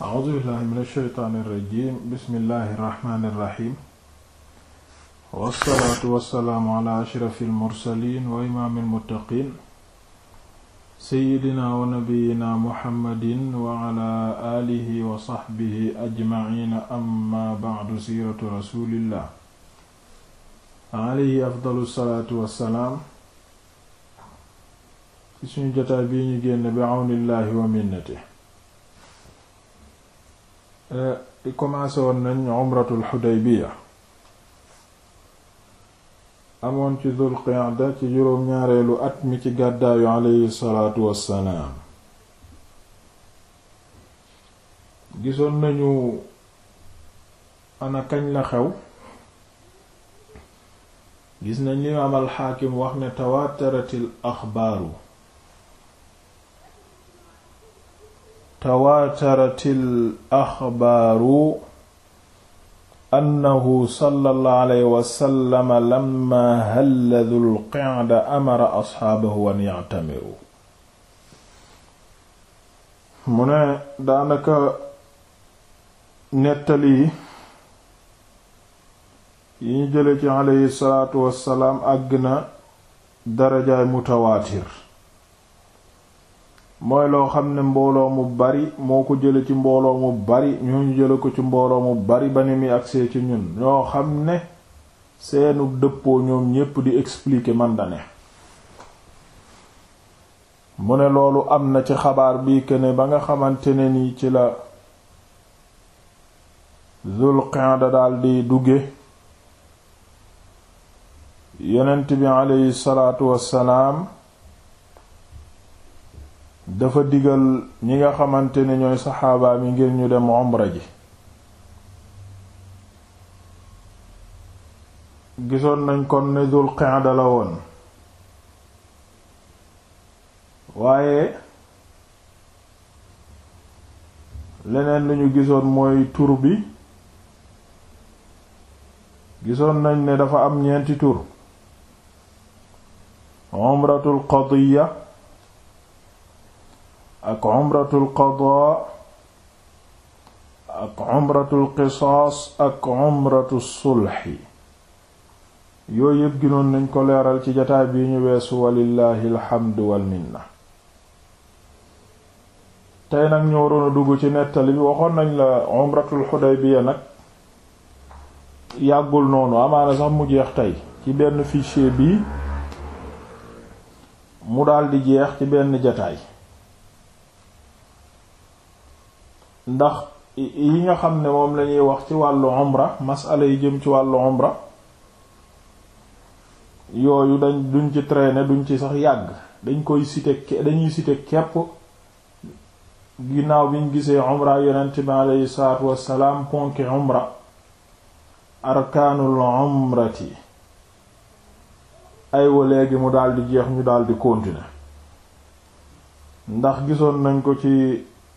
a'uuzu billahi min ash-shaytaani irrajim bismillahi irrahmani irrahim wassalaatu wassalaamu ala ashrafi almursalin wa imaami almuttaqin seyidina wa nabiyina muhammadin wa ala alihi wa saxbihi ajmaciina amma bacdu siiratu rasulillah alayhi afdalu salaatu wassalaam ci suñu jotaay bii ñu génn bi awnillahi wa minnati Eh, commencé woon nañ umratul Hudaybiya amoon ci Dul ci juróom at mi ci gàddaayu aleyhi salaatu wassalaam gisoon ana kañ la xew gis nañ li imaam alxaakim wax ne tawaataratil axbaaru tawaataratil axbaaru annahu sallallahu alayhi wa sallam lamma halla dhul qa'da amara asxaabahu an ya'tamiru mu ne daanaka nettali yi ñu jële ci alayhi salaatu wassalaam àgg na darajaay mutawaatir mooy loo xam ne mbooloo mu bari moo ko jële ci mbooloo mu bari ñooñu jële ko ci mbooloo mu bari ba ni mi agsee ci ñun ñoo xam ne seenu dëppoo ñoom ñépp di expliquer man da ne mu ne loolu am na ci xabaar bi ne ba nga xamante ne ni ci la Zul Qa'da daldi dugge yonent bi aleyhi salaatu wassalaam dafa digal ñi nga xamante ne ñooy saxaaba mi ngir ñu dem omra ji gisoon nañ kon ne dul qa'da la woon waaye leneen lu ñu gisoon mooy tur bi gisoon nañ ne dafa am ñeenti tur umratul qadiya ak umratul qadaa ak umratul qisaas ak umratul sulxi yooyu yëpp ginoon nañ ko leeral ci jataay bi ñu weesu walillahi alhamdu wal minna tey nag ñu waroon a dugg ci nettali bi waxoon nañ la umratul xudaybiya nag yàggul noonu amaana sax mu jeex tey ci benn fichier bii mu daldi jeex ci benn jataay ndax yi nga xam ne moom lañuy wax ci wàllu umra masala yi jëm ci wàllu umra yooyu dañ duñ ci traîner duñ ci sax yàgg dañ koy citer dañuy citer képp ginnaaw biñ gisee umra yonent bi aleyhi salaatu wassalaam ponki umra arkaanul umrati aywa léegi mu daldi jeex ñu daldi continuer ndax gisoon nañ ko ci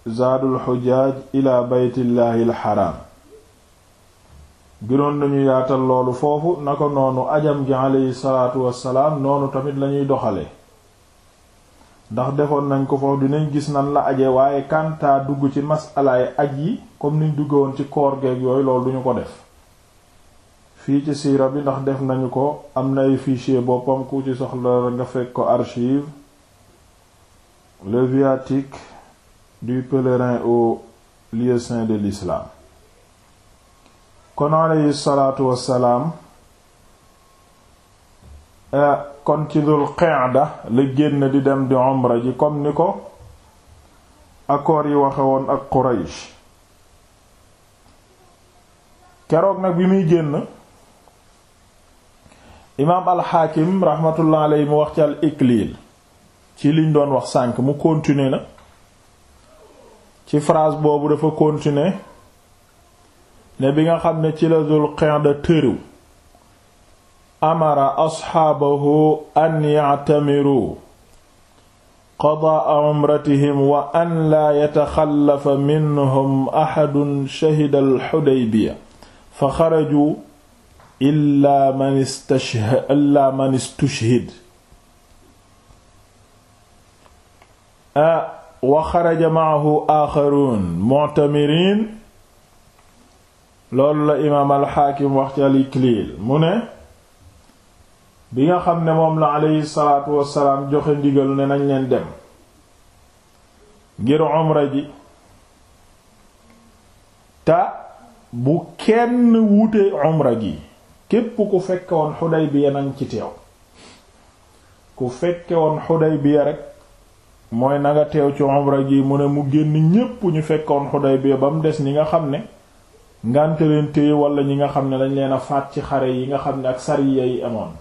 zaadul xujaaj ila beytillaahi gënoon nañu yaatal loolu foofu na ko noonu ajam gi aleyhi salaatu wassalaam noonu tamit lañuy doxale ndax defoon nañ ko foofu dinañ gis nan la aje waaye kàntaa dugg ci masalaay aj yi comme niñ dugg ci koor geeg yooyu lool duñu ko def fii ci siira bi ndax def nañu ko am na ay fichier boppam ku ci soxla nga fekk ko archive le du pèlerin au lieu saint de l'islam kon aleyhi wassalaam eh, kon ci dul qa'da la génn di dem di umra ji comme ni ko accords yi waxe woon ak Quraysh keroog nag bi muy génn imaam alxaakim rahmatullah aleyhi mu wax ci al iklil ci liñ doon wax sànk mu continuer na ci phrase boobu dafa continuer ne bi nga xam ne ci la Dul Qa'da tëriw amara asxaabahu an ya'tamiru qadaa umratihim wa an laa yataxallafa minhum axadun shahida al fa xaraju illaa man istashhad illaa man istushhid ah wa xaraja maahu aaxaruun mu'tamiriin loolu la imaam alxaakim wax ci al mu ne bi nga xam ne moom la aleyhi salaatu wassalaam joxe ndigal ne nañ leen dem ngir umra ji ta bu kenn wuute umra gi képp ku fekke woon Xudaybiya nañ ci teew ku fekke woon rekk mooy na nga teew ci umra ji mu ne mu génn ñépp ñu fekkoon Xudaybiya ba mu des ni nga xam ne ngànte leen téye wala ñi nga xam ne dañ leen a faat ci xare yi nga xam ne ak sariya yi amoon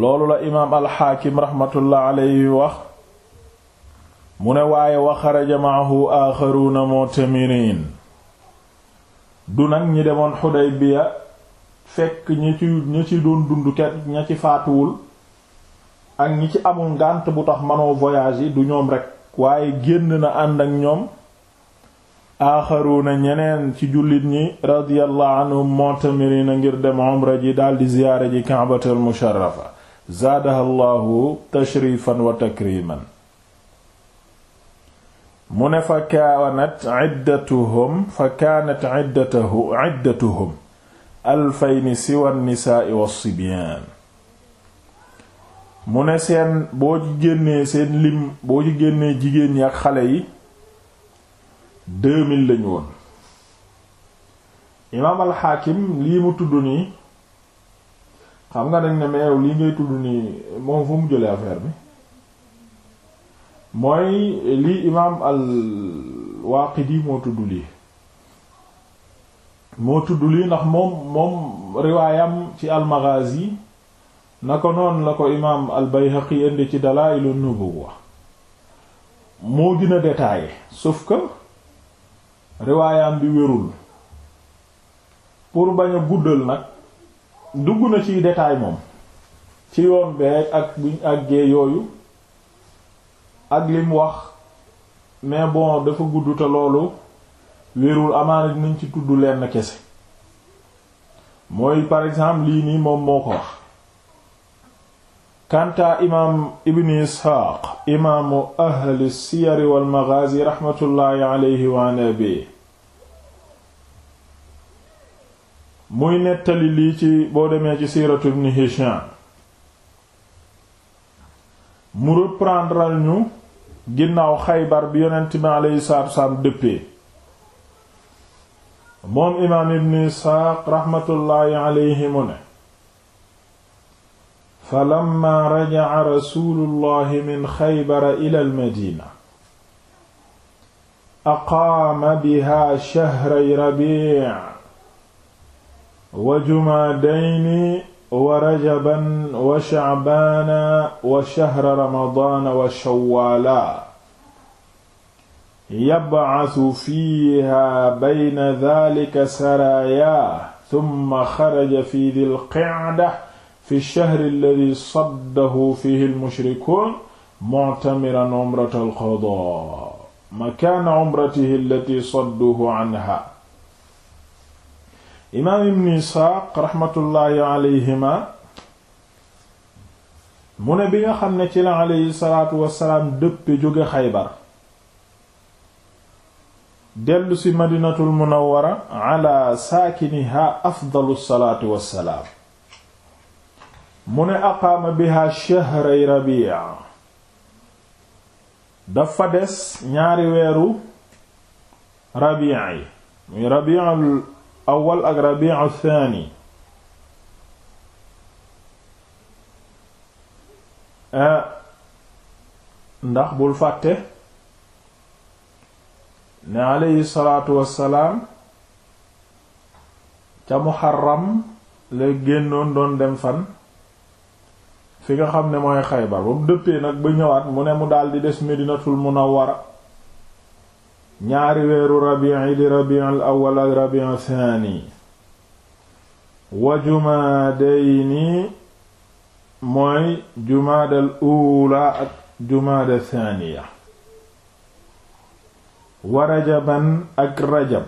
loolu la imaam alxaakim raxmatullah alayhi wax mu ne waaye wa xaraja maahu aaxaruuna mu'tamiriin du nag ñi demoon Xudaybiya fekk ñi ci ñi ci doon dund kenn ña ci faatuwul ak ñi ci amul ngànt bu tax manoo voyage yi du ñoom rekk waaye génn na ànd ak ñoom aaxaruuna ñeneen ci jullit ñi radiyallahu anhum mu'tamirina ngir ji daldi ziyaare ji ka'batul musharrafa mu ne fa kaanat iddatuhum fa kaanat iddatuhum siwa nisaa wa as mu ne seen boo ci génnee seen lim boo ci génnee jigéen ñi ak xale yi deux mille lañu woon imaam alxaakim lii mu tudd nii xam nga dañ ne meew lii ngay tudd nii moom fu mu jëlee affaire bi mooy lii imaam al waaqidi moo tudd lii moo tudd lii ndax moom moom riwaayam ci al maghazi na ko noonu la ko imaam al-Bayhaqi indi ci Dalaa'il an-Nubuwwa moo gën a détaillé sauf que bi wérul pour bañ a guddal nag dugg na ci détail moom ci yoon beeg ak buñ àggee yooyu ak lim wax mais bon dafa gudd te loolu wérul amaana dinañ ci tudd lenn kese mooy par exemple lii nii moom moo ko wax kanta imaam ibni isxaaq imaamu ahli siyari wal magaazi raxmatullaahi aleyhi wa nabi muy nettali lii ci boo demee ci siiratu ibni hisham mu reprendral ñu ginnaaw xaybar bi yonent bi aleyhi salaatu salaam dëppee moom imaam ibni isxaaq raxmatullaahi aleyhi mu ne falamma rajaca rasuulullahi min xaybara ila almadina aqaama biha shahray rabiic wa jumaadayni wa rajaban wa shacbaana wa shahra ramadaana wa shawwaala yabcasu fiiha bayna daalika saraayaa summa xaraja fi dilqicda fi shahri alladi saddahu fihi almushrikun mu'tamiran umrata alqadaa makaana umratihi allati sadduhu anha imaam ibn isxaaq raxmatullaahi alayhima mu ne bi nga xam ne ci la aleyhi salaatu wasalaam dëppe jóge xaybar dellu si madinatul munawwara ala saakiniha afdalu salaatu wassalaam mu ne aqaama biha shahray rabia dafa des ñaari weeru rabia yi muy rabiul awwal ak rabiu thani eh, ndax bul fàtte ne aleyhi salaatu wassalaam ca muharram la génnoon doon dem fan fi nga xam ne mooy Xaybar ba mu dëppee nag ba ñëwaat mu ne mu daldi des Medinatul Munawwara ñaari weeru rabii di rabiul awwal ak rabiul saani wa jumaadayni mooy jumaadal uula ak jumaada saaniya wa rajaban ak rajab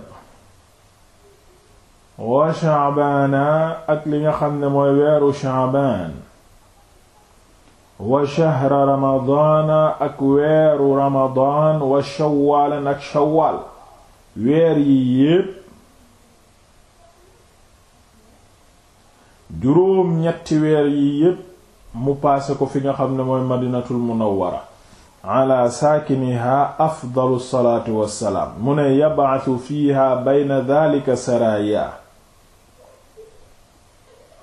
wa shaabaana ak li nga xam ne mooy weeru shaabaan wa shahra ramadaana ak weeru ramadaan wa shawaalan ak shawaal weer yi yépp juróom ñetti weer yi yépp mu paase ko fi nga xam ne mooy madinatul munawwara ala saakiniha afdalu salaatu wassalaam mu ne yab'athu fiiha bayna dhalika saraaya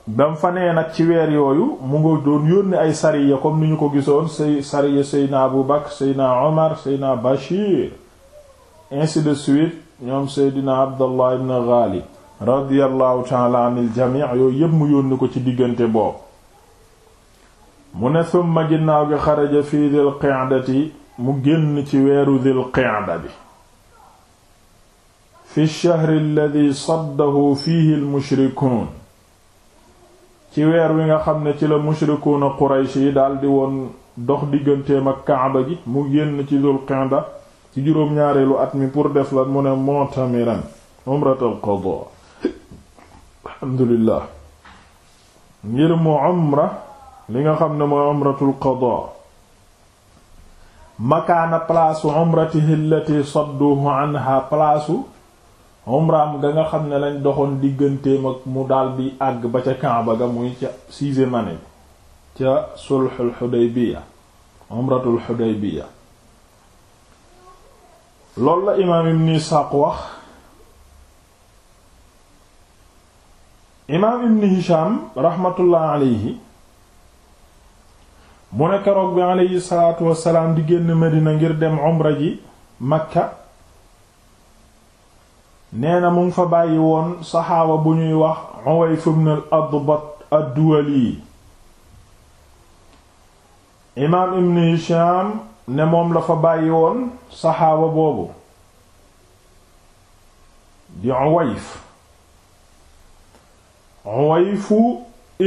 bam fa nee nag ci weer yooyu mu nga doon yónni ay sariya comme ni ñu ko gisoon say sariya seydna abu bakr seydna omar seydna bashir ainsi de suite ñoom seydna abdallah ibn ghalib radiallahu taala an iljami yooyu yépp mu yónni ko ci diggante boobu mu ne summa ginnaaw gi xaraja fii dil qa'dati mu génn ci weeru dil qa'da bi fi shahri alladhi saddahu fihi al ci weer wi nga xam ne ci la mushrikuuna Quraysh yi daldi woon dox digganteem ak Kaaba gi mu génn ci Dul Qa'da ci juróom-ñaareelu at mi pour def la mu ne mu'tamiran umratul qadaa alhamdulillah ngir xam ne mooy umratul makaana palaasu umratihi palaasu umraam ga nga xam ne lañ doxoon digganteem ak mu daldi àgg ba ca Kaaba ga muy ca sixième année ca sulhul Hudaybiya umratul Hudaybiya loolu la imaam Ibn Isaaq wax imaam Ibn Hisham rahmatullah alayhi mu ne keroog bi alayhi salaatu wassalaam di génn Medina ngir dem umra ji Makka nee na mu ngi fa bàyyi woon saxaaba bu ñuy wax Uwayf ibn al-Adbat ad-Duwali imaam ibn Hisham ne moom la fa bàyyi woon saxaaba boobu di Uwayf Uwayfu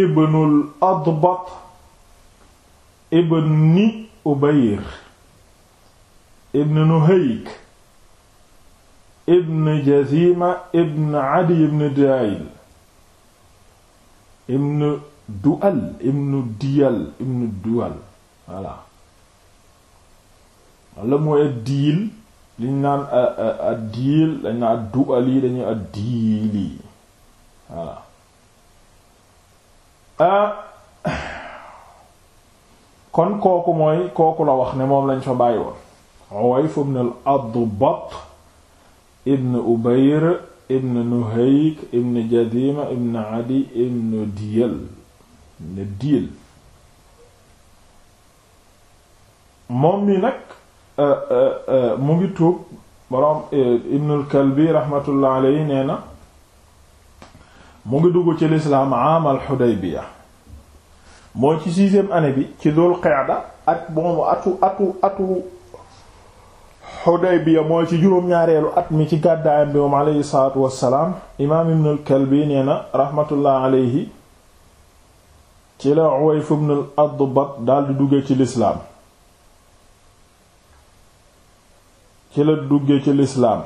ibnul Adbat ibni Ubayr ibn Nuhayk ibn jazima ibn adi ibn dail ibn dual ibn diyal ibn dual voilà walla mooy addiil liñ naan euh, euh, addiil dañ naan addual yi dañuy addiil yi voilà euh, kon kooku mooy kooku la wax ne moom lañ soo bàyyi woon Uwayf ibn al-Adbat ibn ubayr ibn nuhayk ibn jadima ibn adi ibn diyal ibn diyal moom mi nag euh, euh, euh, mu ngi tuub boroom ibnul kalbi rahmatullah alayhi nee mu ngi dugg ci lislaam amal xudaybiya moo ci sixième année bi ci dul qaada ak moomu atu atu atu Xudaybiya mooy ci juróom-ñaareelu at mi ci gàddaayam bi moom aleyhi salaatu wassalaam imaam ibn al-Kalbi nee raxmatullah aleyhi ci la Uwayf ibn al-Adbat daldi dugge ci lislaam ci la dugge ci lislaam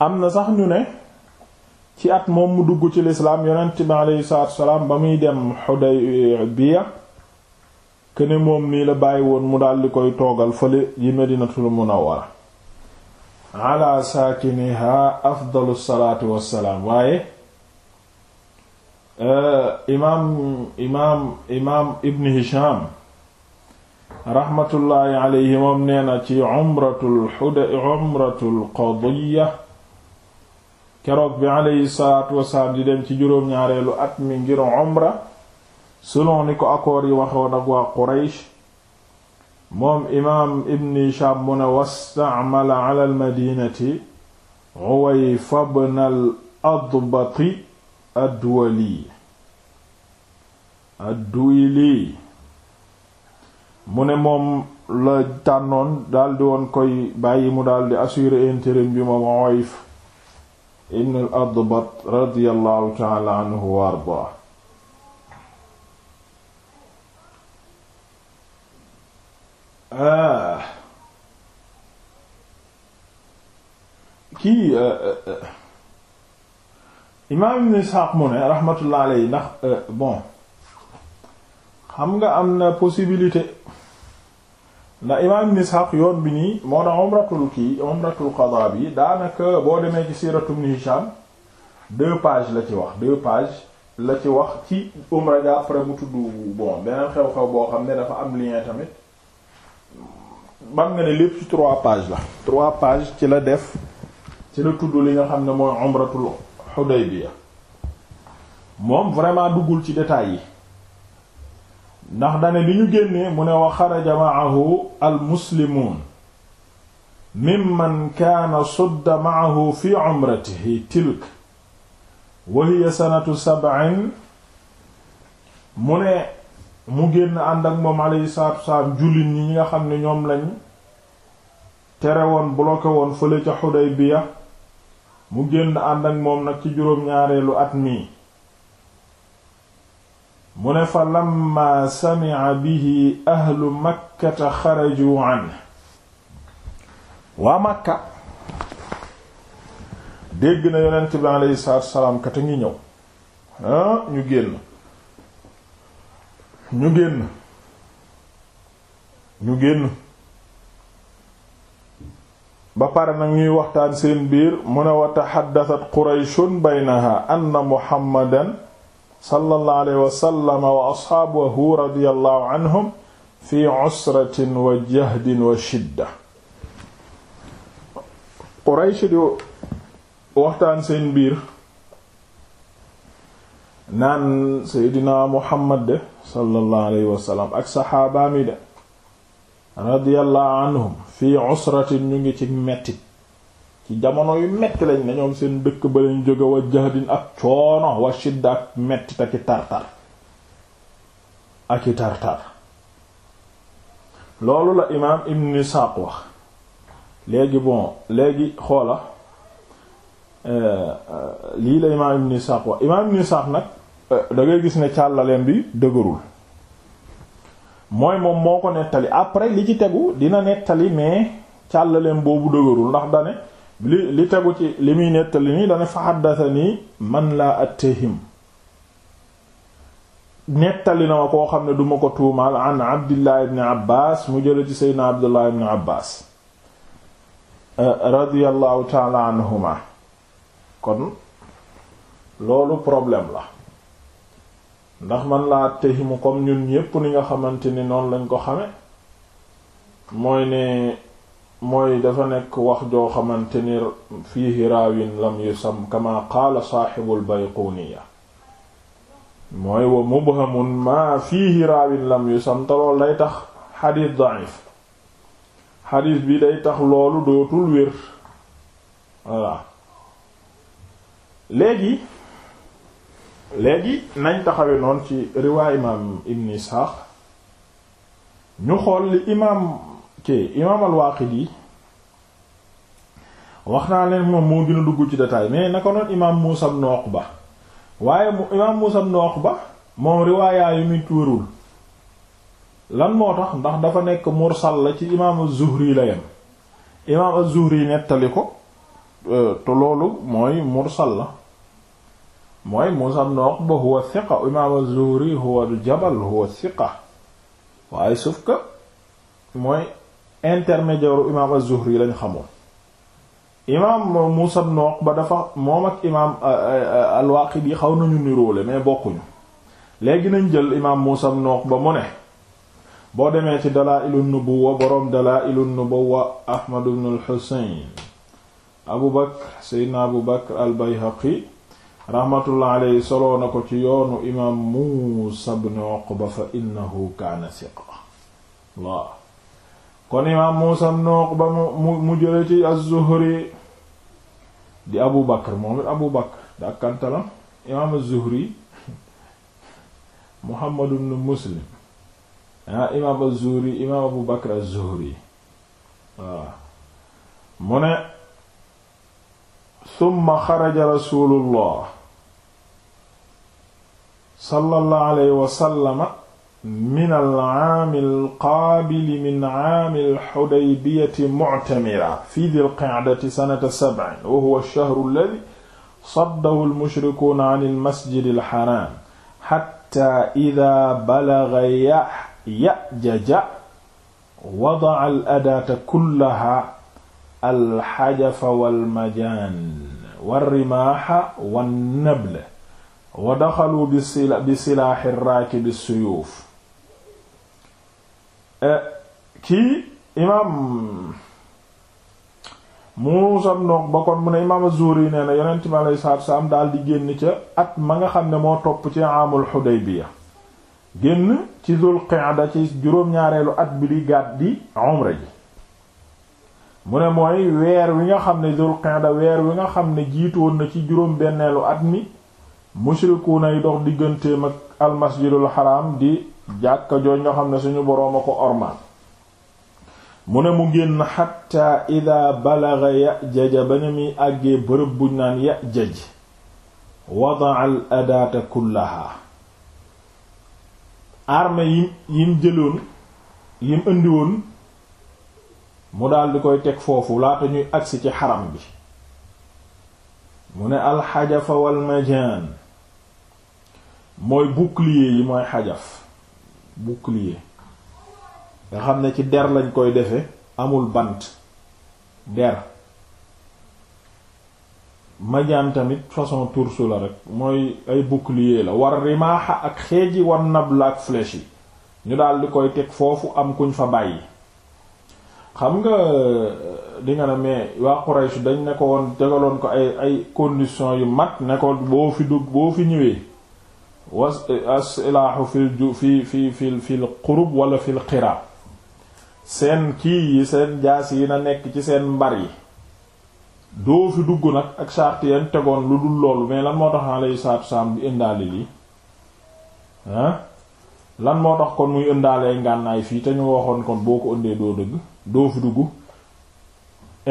am na sax ñu ne ci at moom mu dugg ci lislaam yonent bi aleyhi salaatu ba muy dem Xudaybiya këne moom nii la bàyyi woon mu daldi koy toogal fële yi medinatul munawwara ala saakiniha afdalu salaatu wassalaam waaye euh, imaam imaam imaam ibn hisham raxmatullaahi alayhi moom nee na ci umratul xuda umratul qadiya keroog bi alayhi salaatu wassalaam di dem ci juróom-ñaareelu at mi ngir umra selon ni ko accord yi waxoon ak waa Quraysh moom imaam Ibn Hishaam mu ne wastaamala ala almadinati Uwayfa bna al adbati adduwali adduwili mu ne moom la tànnoon daldi woon koy bàyyi mu daldi assurer intérim bi moom Uwayf ibn al adbat radiyallahu taala anhu wa ardaa ah kii eh, eh, eh. imaam ibn Isxaaq mu ne rahmatullah yi ndax bon xam nga am na possibilité ndax imaam ibn Isxaaq yoon bi nii moo na umratul kii umratul qadaa bi daanaka boo demee ci siiratu ibn Hishaam deux pages la ci wax deux pages la ci wax ci umra ja après mu tudd bon beneen xew-xew boo xam ne dafa am lien tamit bam nga ne lépp ci trois pages la trois pages ci la def ci la tudd li nga xam ne mooy umratul Hudaybiya moom vraiment duggul ci détails yi ndax dane bi ñu génnee mu ne wa xaraja ma'ahu al muslimuun mimman kaana sudda ma'ahu fi umratihi tilk wa ne mu génn ànd ak moom alayhi salaatu wasalaam jullit ñi ñi nga xam ne ñoom lañ tere woon bloqué woon fële ca Xudaybiya mu génn ànd ak moom nag ci juróom-ñaareelu at mi mu ne fa lamma sami'a bihi ahlu makkata xaraju an waa Makka dégg na yonent bi alayhi salaatu wasalaam kat a ngi ñëw ah ñu génn ñu génn ñu génn pare nag ñuy waxtaan seen biir mu ne wa taxaddasat qurayshun baynaha anna muhammadan sallallahu alayhi wa sallam wa asxaabahu radiyallahu anhum fi usratin wa shidda quraysh di waxtaan seen biir naan seydina muhammad de sallallahu alayhi wa sallam ak saxaabaami de radiyallahu anhum usratin ñu ngi ci mettit ci jamono yu metti lañ ne ñoom seen dëkk ba lañ jóge wa jahdin ak coono wa shidda ak mettit ak i tartar ak i tartar loolu la imaam ibn Isaaq wax léegi bon léegi xoola euh, euh, lii la imaam ibn Isaaq wax imaam ibn Isaaq nag dangay gis ne càllaleen bi dëgërul mooy moom moo ko nettali après li ci tegu dina nettali mais càllaleen boobu dëgërul ndax dane li li tegu ci li muy nettali nii dane fa haddathani man laa attahim nettali na ma koo xam ne duma ko tuumaal an abdillah ibni abbas mu jële ci seydna abdullah ibni abbas euh, radiyallahu taala anhuma kon loolu problème la ndax man laa tehimu comme ñun ñépp ni nga xamante ni noonu lañ ko xame mooy ne mooy dafa nekk wax joo xamante ni fiihi raawin lam yusam kama qaala saaxibul bayquniya mooy wa mubhamun maa fiihi raawin lam yusam te loolu day tax xadiis daif xadiis bi day tax loolu dootul wér voilà léegi léegi nañ taxawe noonu ci riwaay imaam Ibn Ishaq ñu xool li imaam ki imaam al-Waaqidi wax naa leen moom moo gën dugg ci détail mais naka noonu imaam Muusaa ibn ba waaye imaam Muusaa ibn Uqba moom riwaayaa yu nit wërul lan moo tax ndax dafa nekk mursal la ci imaam az-Zuhri la yem imaam az-Zuhri nettali ko euh, te loolu mooy mursal la mooy Musab ibn Uqba huwa thiqa imaam az-Zuhri huwa al-jabal huwa thiqa waaye sauf mooy intermédiaire imaam az-Zuhri lañ xamoon imaam Musab ibn Uqba dafa moom ak imaam al-Waaqidi xaw nañu niroole mais bokkuñu léegi nañ jël imaam Musab ibn Uqba mu ne boo demee ci Dalaa'ilu Nubuwwa boroom Dalaa'ilu Nubuwwa Ahmad ibn al Abu Bakr Seydina Abu Bakr al-Bayhaqi rahmatullah solo soloo na ko ci yoonu imaam Muusa ibn Uqba fa innahu kaana siqa kon imaam Muusa ibn Uqba mu mu jële ci az-Zuhri di Abu Bakr moom it Abu Bakr dàkkantalam imaam az-Zuhri ah, mu ne summa xaraja rasulullah sallallahu alayhi wa sallama min al-aam al-qaabil min aam al-Hudaybiyati mu'tamira fi dhil qa'dati sanata sab'in wa huwa ash-shahru alladhi saddahu al-mushrikuuna 'an al-masjidi al-haraam hatta idha balagha ya'jaja wada'a al-adaata kullaha al-hajafa wal-majaan war-rimaaha wan-nabla wa daxalu bi sila bi silaaxi raakibi suyuuf e, kii imaam Muusa ibn Uqba mu ne imaam az nee na yonent bi alayhi sa salaam daal di génn ca at ma nga xam ne moo topp ci aamul Xudaybiya génn ci Zul Qa'da ci juróom-ñaareelu at bi di gàdd di umra ji mu ne mooy weer wi nga xam ne Zul Qa'da weer wi nga xam ne jiitoon na ci juróom-benneelu at mi mushrikuuna yi dox digganteem ak almasjidul xaraam di jàkka jooj nga xam ne suñu boroom a ko ormaan mu ne mu génn xatta ida balaga yajaja ba ne muy àggee bërëb buñ naan yajaj wadaa al adaata kullaha arme yim yim jëloon yim indi woon mu daldi koy teg foofu laata ñuy agsi ci xaram bi mu ne alxajafa wal majaan mooy bouclier yi mooy xajaf bouclier nga xam ne ci der lañ koy defe amul bant der majaan tamit façon tourse la rek mooy ay bouclier la war rimaaxa ak xeej yi war na ak flèche yi ñu daal di koy teg foofu am kuñ fa bàyyi xam nga di nga ne mais waa Quraysh dañ ne ko woon tegaloon ko ay ay conditions yu mat ne ko boo fi dugg boo fi ñëwee was asilaahu fil fi fi fi fil qurub wala fil qiraab seen kii yi seen jaas yi na nekk ci seen mbar yi doo fi dugg nag ak charte yan tegoon lu dul loolu mais lan moo tax alayhi salaatu salaam di indaale lii ah lan moo tax kon muy indaalee ngànnaay fii te ñu waxoon kon boo ko ëndee doo dëgg doo fi dugg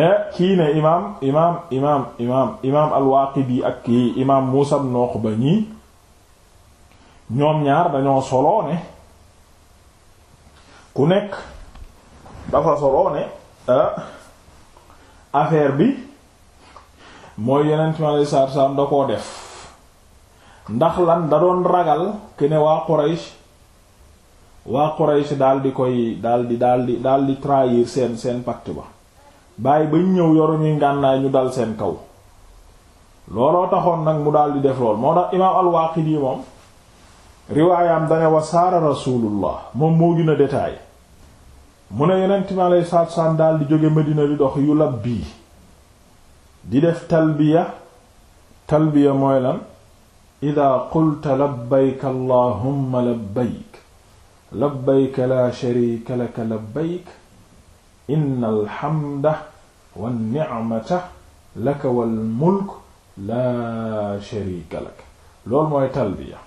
eh, kii ne imaam imaam imaam imaam imaam al ak kii imaam Muusaa ibn Uqba ñii ñoom ñaar dañoo soloo ne ku nekk dafa soloo ne euh, affaire bi mooy yeneen mi alei saatu salaam da koo def ndax lan da doon ragal ke ne waa Quraysh waa Quraysh daal di koy daal di daal di daal seen seen pacte ba bàyyi bañ ñëw yoru yoruñuy ngànnaay ñu dal seen kaw looloo taxoon nag mu daal di def lool moo tax imaam al-Waaqidi moom riwaayaam dane wasaara rasulullah moom moo gën a détaillé mu ne yonent salaatu salaam daal di jóge Medina di dox yu lab bii di def talbiya talbiya mooy lan ida qulta labbayk allahumma labbayk labbayka laa sharika laka labbayk inna alhamda wannicmata laka walmulk laa sharika laka loolu mooy talbiya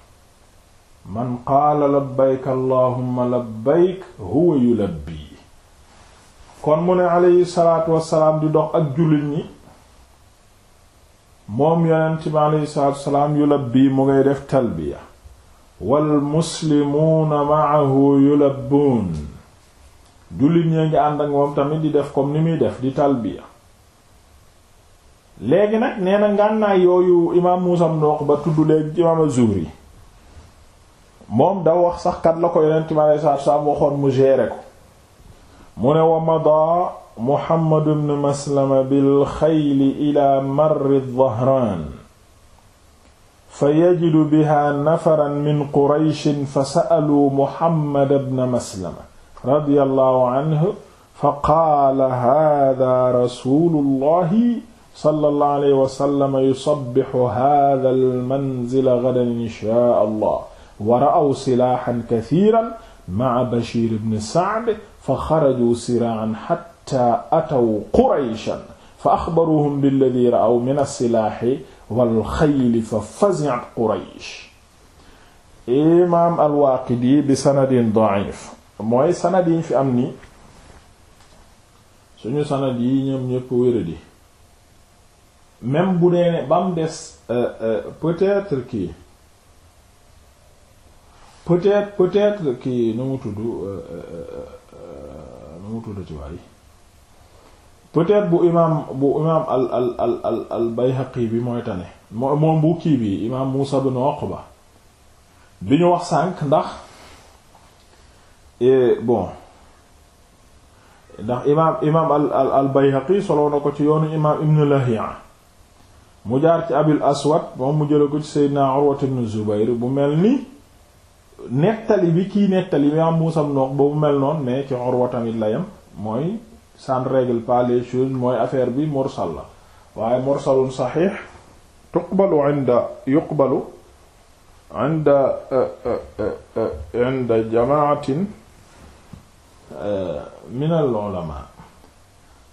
man qaala labbayk allahumma labbayk huwa yulabbi kon mu ne aleyhi salaatu wassalaam di dox ak jullit ñi moom yonent bi aleyhi salaatu wassalaam yulabbi mu ngay def talbiya wal muslimuuna ma'ahu yulabbuun jullit ñee ngi ànd ak moom tamit di def comme ni muy def di talbiya léegi nag nee na ngànnaay yooyu imaam Muusaa ibn ba tudd léegi imaam az-Zuhri moom da wax sax kat la ko yonent mi aleyhi salaatu salaam waxoon mu gérer ko mu ne wa mada Muhammad ibn Maslama bil xayli ila marri Dhahraan fa yajidu biha nafaran min Qurayshin fa sa'aluu Muhammad ibn Maslama radiyallahu anhu fa qaala haadaa rasuulullahi sallallahu alayhi wa sallam yusabbihu haadal manzila gadan inshaa Allah wa ra'aw silaahan kathiiran ma'a Bashir ibn Sa'd fa xarajuu siraa'an hattaa ataw Qurayshan fa axbaruuhum billadhii ra'aw min as-silaahi wal xayli fa fazi'at Quraysh. imaam al-Waaqidi bi sanadin da'if mooy sanad yi fi am nii suñu sanad yi ñoom ñépp wéradi même bu dee ne bam des euh, euh, peut-être kii. peut-être peut kii nu mu tudd euh, euh, euh, nu mu tudd ci waay peut-être bu imaam bu imaam al al al al Bayhaqi bi mooy tane moom bu kii bi imaam Muusa ibn ba bi ñu wax sànq ndax eh, bon ndax imaam imaam al al al Bayhaqi soloo na ko ci yoonu imaam Ibn Lahiya mu jaar ci Abil Aswad moom mu jële ko ci Seydina Urwa ibn Zubayr bu mel ni. nettali bi kiy nettali bi am muusam noox boobu mel noonu mais ci Urwa tamit la yem mooy ça ne règle pas mooy affaire bi mursal la waaye mursalun saxiix tuqbalu inda yuqbalu inda eh, eh, eh, inda jamaatin min al ulama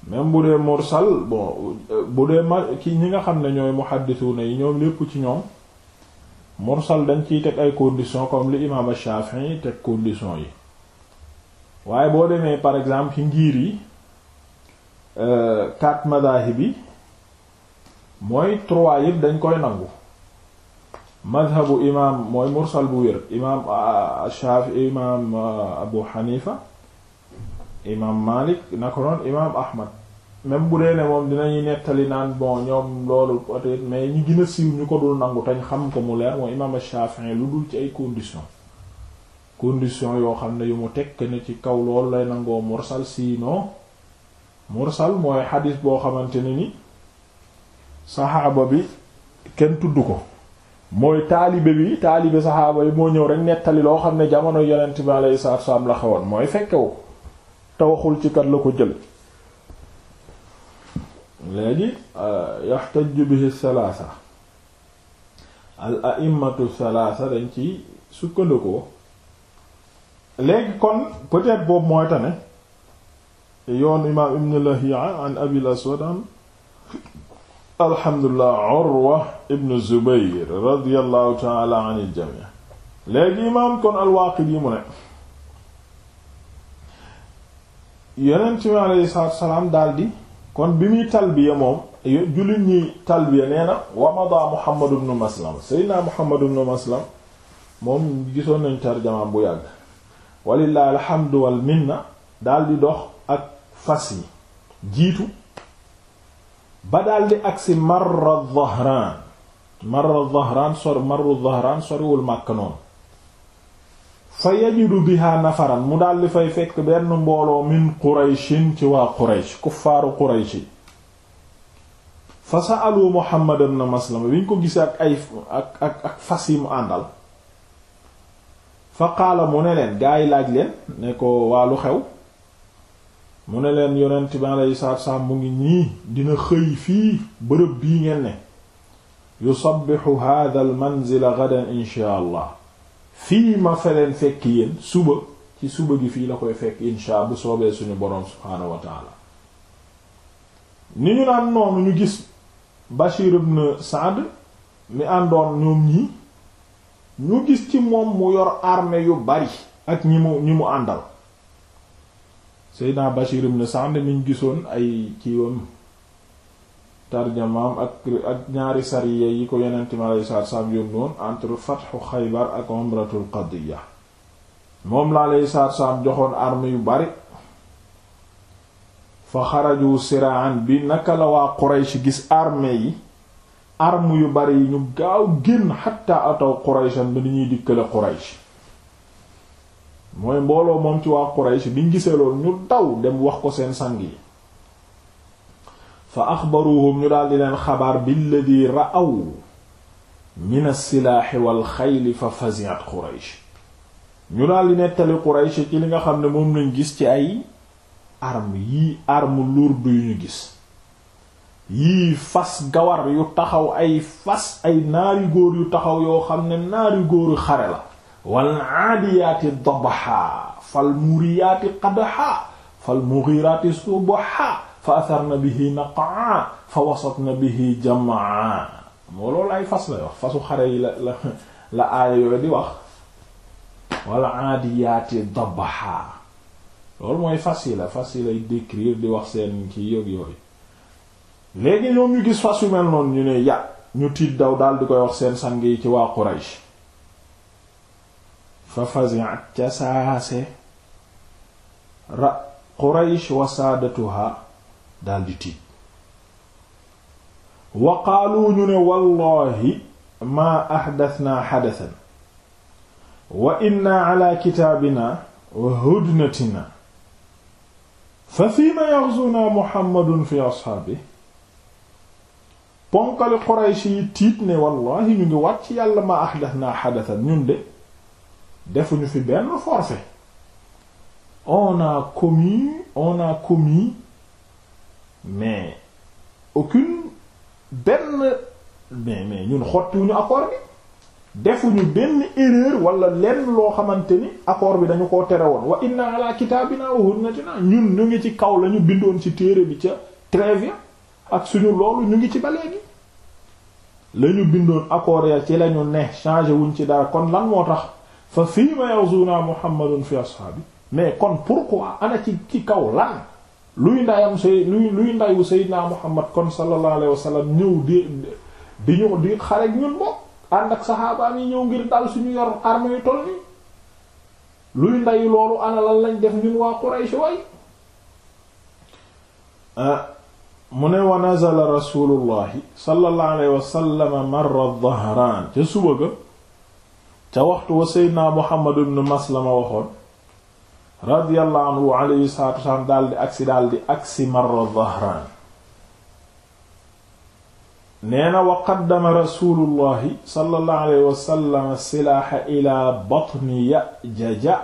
même bu dee mursal bon bu dee ma ki ñi nga xam ne ñooy muhaddisuna yi ñoom lépp ci ñoom mursal dañ ci teg ay conditions comme li imaam Shafi'i teg conditions yi waaye boo demee par exemple ci ngir yi euh, quatre madahib yi mooy trois yëpp dañ koy nangu madhabu imaam mooy mursal bu wér imaam euh, Shafi'i imaam euh, Abu Hanifa imaam Malik naka noonu imaam Ahmad même bu dee ne moom dinañuy nettali naan bon ñoom loolu peut-être mais ñi gën a siiw ñu ko dul nangu tañ xam ko mu leer mooy imaam Shafi'i lu dul ci ay conditions condition yoo xam ne yu mu tekk ne ci kaw loolu lay nangoo mursal sinon mursal mooy xadis boo xamante ne ni saxaaba bi kenn tudd ko mooy taalibe bi taalibe saxaaba yi moo ñëw rek nettali loo xam ne jamono yonent bi alayhi salaatu wa la xewoon mooy fekkewu te waxul ci kat la ko jël léegi euh, yaxtaju bihi salaasa al a'immatu salaasa dañ ci sukkandikoo léegi kon peut-être mooy tane yoon imaam ibn lahiya an abil aswad an alhamdulilah urwa ibn zubayr radiyallahu taala an il jamii léegi imaam kon alwaaqidi mu ne yonent mi alayhi salaatu wa salaam daldi kon bi muy talbiya moom jullit ñi talbiya nee na wamada Muhammad ibn Maslam Seydina Muhammad ibn Maslam moom gisoon nañu tarjamaam bu yàgg walilah alhamdu wal minna di dox ak fas yi jiitu ba daal di agsi marra dhahran marra dhahran sor marru dhahran soriwul màkk noonu fa yajidu biha nafaran mu daal di fay fekk benn mbooloo min qurayshin ci waa quraysh kuffaaru quraysh yi fa sa'alu muhammad ibn maslama bi ñu ko gisee ak ay ak ak fas yi mu àndal fa qaala mu ne leen gaa laaj leen ne ko waa lu xew mu ne leen yonent bi alayhi salaatu wassalaam mu ngi nii dina xëy fii bërëb bii ngeen ne yusabbihu hadha al manzila gadan insha allah fii ma feleen fekk yéen suba ci suba gi fii la koy fekk insha bu soobee suñu boroom subhaanahu wa ni ñu naan noonu ñu gis Bashir ibn Saad mi àndoon ñoom ñii ñu gis ci moom mu yor armée yu bari ak ñi mu ñi mu àndal Seydina Bashir ibn Saad mi ñu gisoon ay kiiwam tarjamaam ak ak ñaari sariya yi ko yonente mi alei saatu salaam yónnoon entre fatxu xaybar ak umratul qadiya moom la alei saatu salaam joxoon arme yu bari fa xaraju siraan bi naka la waa quraysh gis armée yi arme yu bari yi ñu gaaw génn xatta ataw qurayshan ba ni ñuy dikkale quraysh mooy mbooloo moom ci waa quraysh biñ gisee loolu ñu daw dem wax ko seen sang yi fa axbaruhum ñu daal di leen xabaar billadi ra'aw min as-silaahi wal xayli fa fazi'at Quraysh ñu daal di nettali Quraysh ci li nga xam ne moom lañ gis ci ay arme yii arme lourde yu ñu gis yii fas gawar yu taxaw ay fas ay naari góor yu taxaw yoo xam ne naari góoru xare la wal aadiyaati dabaha fal muriyaati qadaha fal mughiraati subaha fa atharna bihi naqaa fa wasatna bihi jamaa moo loolu ay fas la wax fasu xare yi la la la aaya yooyu di wax wala aadiyaati dabaha loolu mooy fas yi la fas yi lay décrire di wax seen ci yëg yooyu léegi ñoom ñu gis fas mel noonu ñu ne ya ñu tiit daw daal di koy wax seen sang yi ci waa Quraysh fa fazi'at ca saase ra Quraysh wa daldi tiit wa qaalu ñu ne wallahi maa axdasnaa xadasan wa inna ala kitaabina wa hudnatina fa fiima yaxzuna muhammadun fi asxaabi ponkali quraysh yi tiit ne wallahi ñu ngi wàcc yàlla maa axdasnaa xadasan ñun de defuñu fi benn forfait on commis on commis mais aucune benn mais mais ñun xottiwuñu accord bi defuñu benn erreur wala lenn loo xamante ni accord bi dañu ko tere woon wa inna bi ala kitaabina wa hunnatina ñun ñu ngi ci kaw la ñu bindoon ci téere bi ca trêve ak suñu loolu ñu ngi ci ba léegi la bindoon accord ya ci lañu ne changé wuñ ci dara kon lan moo tax fa fii ma yazuna muhammadun fi ashaabi mais kon pourquoi ana ci ci kaw lan luy ndayam say luy luy ndayu Seydina Muhammad kon sallallahu alayhi wa sallam ñëw di di ñu di xare ak ñun bokk ànd ak saxaabaam yi ñëw ngir dal suñu yor armée toll nii luy ndayu loolu ana lan lañ def ñun waa Quraysh way ah, mu ne wa nazala rasulullahi sallallahu alayhi wa sallam marra Dhahraan ca suba ga ca waxtu wa Seydina Muhammad ibn Maslama waxoon radiyallahu anhu alayhi salaatu wasalaam daal di agsi daal di agsi marra Dhahraan nee na wa qaddama rasulullahi sallallahu ila batni Ya'jaja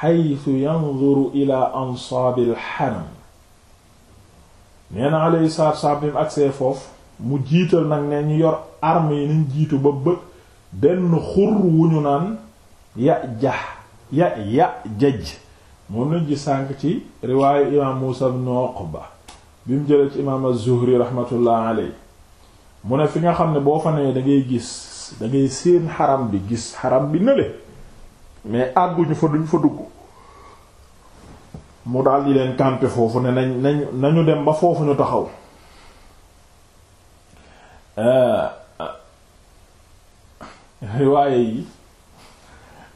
xaytu yanzuru ila ansaabil xanam nee na alayhi salaatu wasalaam bi agsee foofu mu jiital nag ne ñu yor arme yi nañ jiitu ba benn xur wu ñu naan Ya'ja ya moom lañ ci sànq ci riwaayu imaam Muusa ibn Uqba bi mu jëlee ci imaam az-Zuhri rahmatullah alayhi mu ne fi nga xam ne boo fa nee da gis da séen xaram bi gis xaram bi nële mais àgguñu fa duñ fa dugg mu dal di leen camper foofu ne nañ nañu dem ba foofu ñu taxaw euh, euh, riwaaye yi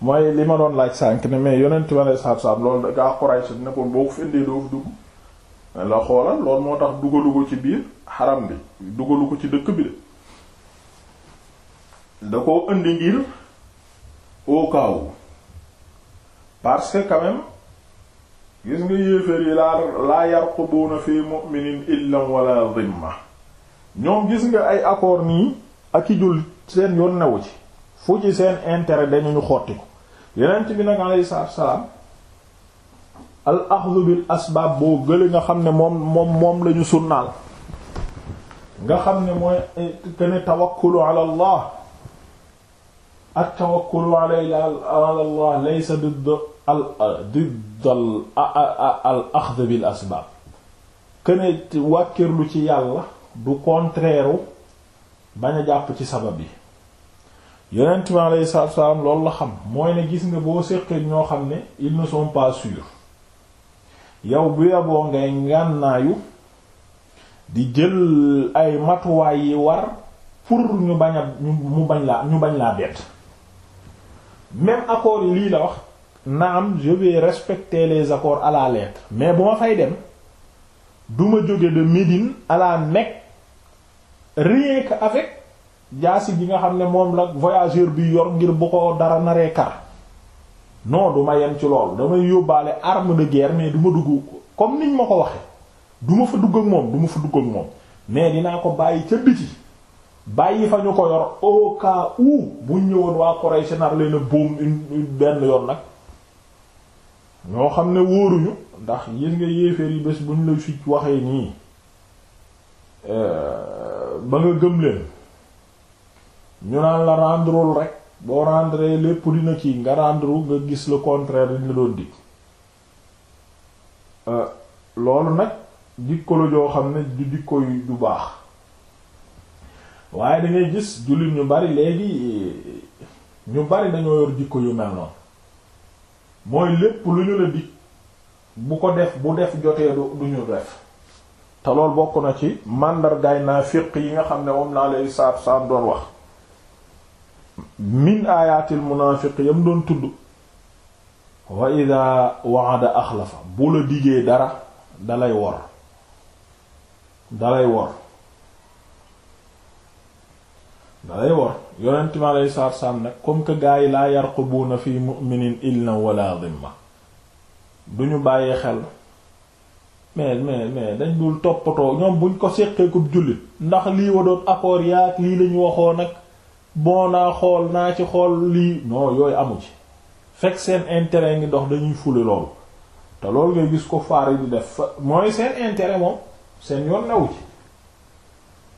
mooy li ma doon laaj sànk ne mais yonent ma lay saab-saab loolu gaa Quraysh ne ko boo ko fendee doo fi dugg la xoolal loolu moo tax dugalu ko ci biir xaram bi dugalu ko ci dëkk bi de da koo indi ngir au cas où parce que quand même gis nga yéeféer yi laa laa yarqubuuna fi mu'minin illa wala dhimma ñoom gis nga ay accord nii ak i jul seen yoon newu ci fu ci seen intérêt dañu ñu xotti ko yeneen ci bi nag alayhi salaatu salaam al axdu bil asbaab boo gële nga xam ne moom moom lañu sunnaal nga xam ne mooy kenn tawakkulu ala allah ak tawakkulu ala allah laysa didd al didd al axd bil asbaab kenn wàkkirlu ci yàlla du contraire bañ a jàpp ci sabab yi yonent mi alayhi salaatu salaam loolu la xam mooy na gis nga boo séqee ñoo xam ne ils ne sont pas sûrs yow bu yaboo ngay ngànnaayu di jël ay matuwaay yi war pour ñu bañ mu bañ laa ñu bañ laa bett même accords lii la wax naam je vais respecter les accords à lettre mais bu ma fay dem duma ma jóge de Médine à la Mecque rien jaasi gi nga xam ne moom la voyageur bi yor ngir bu ko dara naree kar no du ma yem ci loolu damay yóbbaale arme de guerre mais du ma dugg comme niñ ma ko waxee du ma fa dugg ak moom du ma fa dugg ak moom mais dinaa ko bàyyi ca biti bàyyi fa ñu ko yor au cas où bu ñëwoon waa Quraysh nar leen boom benn yoon nag ñoo xam ne wóoruñu ndax gis nga yéeféer yi bés bu ñu la fi waxee nii euh, ba nga gëm leen ñu naan la rendrewul rek boo rendre lépp dina kii nga rendre nga gis le contraire li ñu la doon dig euh, loolu nag jikko la joo xam ne du jikko yu du baax waaye da gis jullit ñu bari léegi ñu bari dañoo yor jikko yu mel noonu mooy lépp lu ñu la dig bu ko def bu def jotee du ñu def te lool bokk na ci màndargaay naa fiq yi nga xam ne moom naa lay saab saab doon wax min ayatil munaafiq yam doon tudd wa ida wa'ada axlafa bu la digee dara dalay wor dalay wor dalay wor yonent mi aleyhi salaatu salaam nag comme que gaa yi laa yarqubuuna fi mu'minin illa wala dhimma duñu bàyyi xel mais mais mais dañ dul toppatoo ñoom buñ ko séqee kub jullit ndax lii wa doon accord yaak lii lañu waxoon nag boo naa xool naa ci xool lii non yooyu amu ci fekk seen intérêt ngi dox dañuy fule loolu te loolu ngay gis ko faar yi di def mooy seen intérêt moom seen yoon newu ci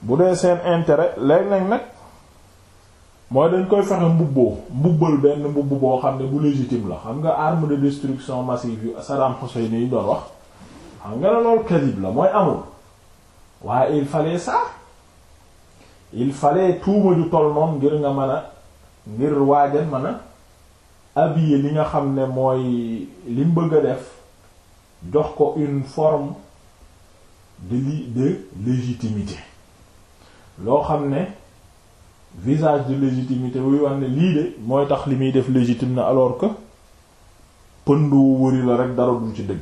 bu dee seen intérêt léeg-léeg nag mooy dañ koy fexe mbubboo mbubbal benn mbubb boo xam ne bu légitime la xam nga arme de destruction massive yu Saddam Hussein yi doon wax xam nga la loolu kadib la mooy amul waaye il fallait ça il fallait tuuma ju toll moom ngir nga mën a ngir waaja mën a li nga xam ne mooy li mu bëgg a def jox ko une forme de li de légitimité loo xam ne visage de légitimité buy wax ne lii de mooy tax li muy def légitime na alors que pëndu wëri la rek dara du ci dëgg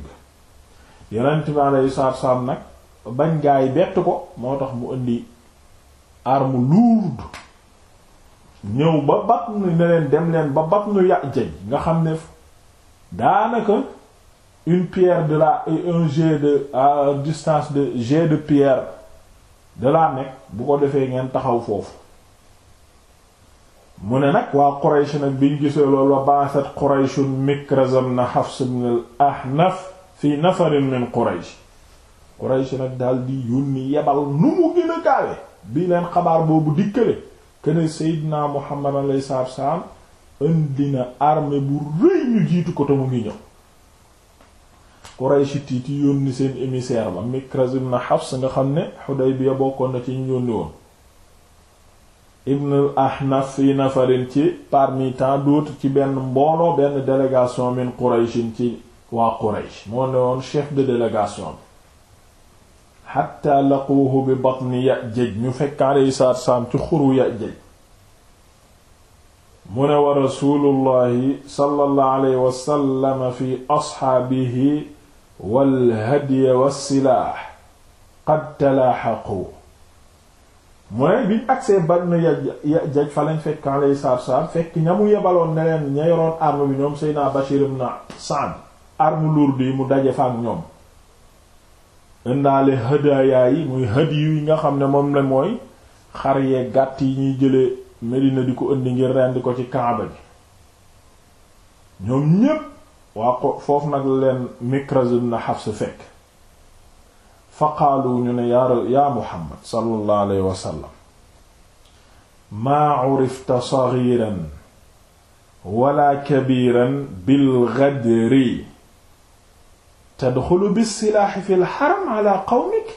yeneen mi aleyhi salaatu salaam nag bañ gaay bett ko moo tax mu indi arme lourde ñëw ba bat nu ne dem leen ba bat nu ya nga xam ne daanaka une pierre de la un jet de à distance de jet de pierre de nekk bu ko defee ngeen taxaw foofu mu ne nag waa Quraysh nag biñ gisee loolu baaxet ba'athat Quraysh Mikrazan na Hafs ibn al-Ahnaf fi nafarin min Quraysh Quraysh nag daal di yónni yebal nu mu gën a bii leen xabaar boobu dikkale kene Seydina Muhammad alayhi salaatu wassalaam indi na armée bu rëy ñu jiitu ko te mu ngi ñëw Quraysh tiit yónni seen émissaire ba Mikraz ibn Hafs nga xam ne Hudaybiya bokkoon na ci ñu yónni woon ibn ahnaf fi nafarin ci parmi tant ci benn mbooloo benn délégation min Quraysh ci waa Quraysh moo ne woon chef de délégation bi xatta laquuhu bi batni ya'jaj ñu fekk alayhi salaatu salaam ci xuru ya'jaj mu ne wa rasulullahi sallallahu alayhi wa sallam fi asxaabihi wal hadiya wassilaax qad talaaxaqu mu ne biñ agsee batni ya'jaj fa lañ fekk alayhi salaatu salaam fekk ña mu yebaloon ne leen ña yoroon arme bi ñoom Seydina Bashir ibn Sa'd arme lourde yi mu daje fa ak ñoom indaale hadaaya yi muy hadiyu yi nga xam ne moom la mooy xar yee gàtt yi ñuy jële Medina di ko indi ngir rendi ko ci Kaaba gi ñoom ñépp waa ko foofu nag leen Mikraz ibn Hafs fekk fa ñu ne yaa Muhammad sallallahu alayhi maa urifta saghiran wala kabiran bil ghadri tadxulu bisilaaxi fi lxaram ala qawmik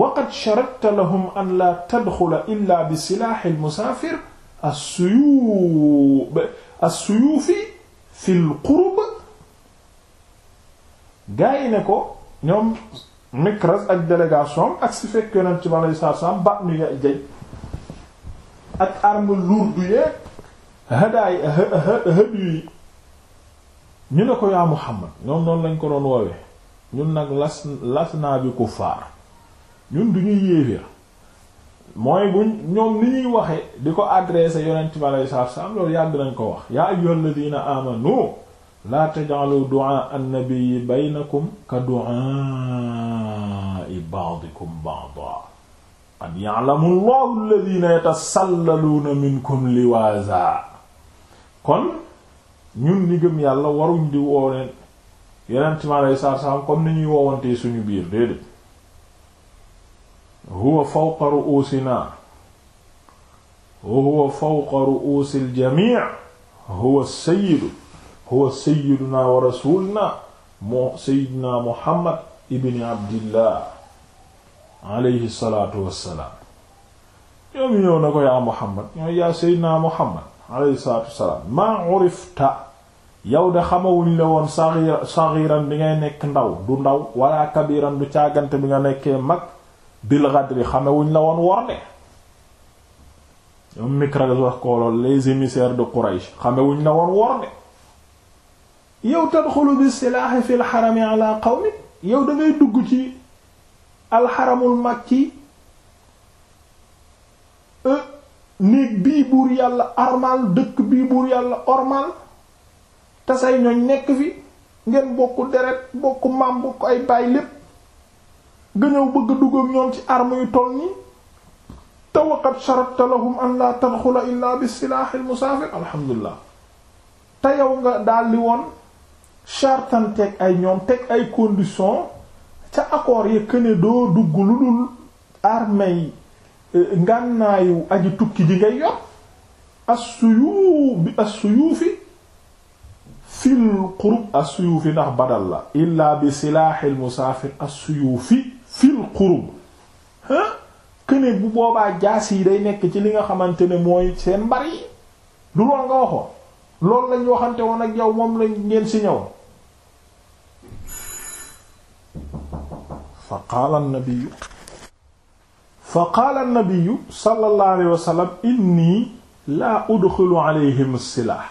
waqad sharadta lahum an laa tadxula illa bisilaaxi lmusaafir assuyuub assuyuufi fi lqurb gaa yi ne ko ñoom Mikraz ak délégation ak si fekk yonent ci alei satu selaam ba nu ya jay ak arme lourde yeeg hadaay hëd yi ñu ne ko yaa Muhammad ñoom noonu lañ ko doon woowee ñun nag las las naa bi kuffaar ñun du ñuy yéeféer mooy bu ñoom ni ñuy waxe di ko adressé yonent bi aleyhi salaatu salaam loolu yàgg nañ ko wax yaa ayyuhalladhina amanu laa taj'alu du'a an-nabiyyi baynakum ka du'a'i ba'dikum ba'dan qad ya'lamu Allahu alladhina yatasallaluuna minkum liwaazaa kon ñun ñi gëm yàlla waruñ di wooneen yeneen ci lay saar saam comme ni ñuy woowantee suñu biir déedéet huwa fawqa ru'usina wa huwa fawqa ru'usil jami' huwa sayyidu huwa sayyiduna wa rasuluna moo sayyiduna muhammad ibni abdillah alayhi salatu wassalaam ñoom ñëw na ko yaa muhammad ñooy yaa sayyiduna muhammad alayhi salaatu wassalaam maa de xamawuñ la woon saxira bi ngay nekk ndaw du ndaw wala kabiran du càggante bi nga nekkee mag bil ghadri xamewuñ la woon wor de ñoom Mikraz wax ko lool les émissaires de Quraysh xamewuñ la woon wor de yow tadxulu bi silaahi fil xarami ala qawmi yow da dugg ci alxaramul makki néeg bii buur yàlla armal dëkk bii buur yàlla ormal te say ñooñ nekk fi ngeen bokk deret bokk maam bokk ay baay lépp nga ñëw bëgg dugg ñoom ci arm yu toll nii te waqat sharata lahum an la tadxula illa bi silaaxil musaafir alhamdulilah te yow nga daldi woon chartan ay ñoom teg ay condition ca accord ya këne doo dugg lu dul arme Eh, ngànnaayu aji tukki ji ngay yor as bi as fil qurub as ndax badal la illaa bi silaahil musaafir as-suyuufi fil qurub ah këne bu boobaa jaas yi day nekk ci li nga xamante ne mooy seen mbar yi du lool nga waxoon loolu lañ waxante woon ak yow moom lañ ngeen si ñëw fa qaala an fa qaala annabiu sallallahu alayhi wa sallam inni laa udxilu alayhim silah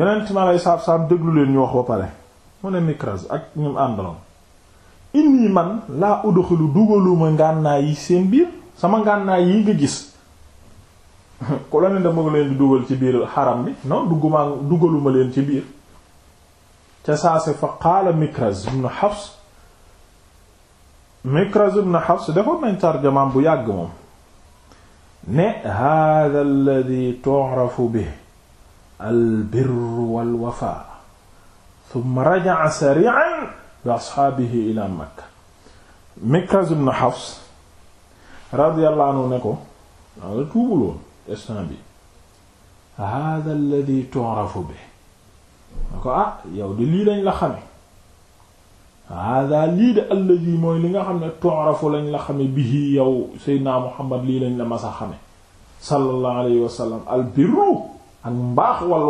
yonent mi aleyi salaatu salaam déglu leen ñu wax ba mu ne Mikraz ak ñum àndaloon inni man laa udxilu dugaluma ngànnaay yi seen biir sama ngànnaay yi nga gis ku la ne dama leen di dugal ci biir xaram bi non dugguma dugaluma leen ci biir ca saase fa qaala Mikraz ibn Hafs Mikraz ibn Hafs defoon nañ tarjamaam bu yàgg moom ne hada alladi tu'rafu bi al birru wal wafa thumma raja'a sari'an bi ashaabihi ila Makka Mikraz ibn Hafs radiyallahu anhu ne ko waaw la tuubuloon instant bi hada alladi tu'rafu bi ne ko ah yow di lii lañ la xame hada lii de alladi mooy li nga xam ne tu'rafu lañ la xame bihi yow seydna muhammad lii lañ la mas a xame sallallahu alayhi wa sallam al birru ak mbaax wal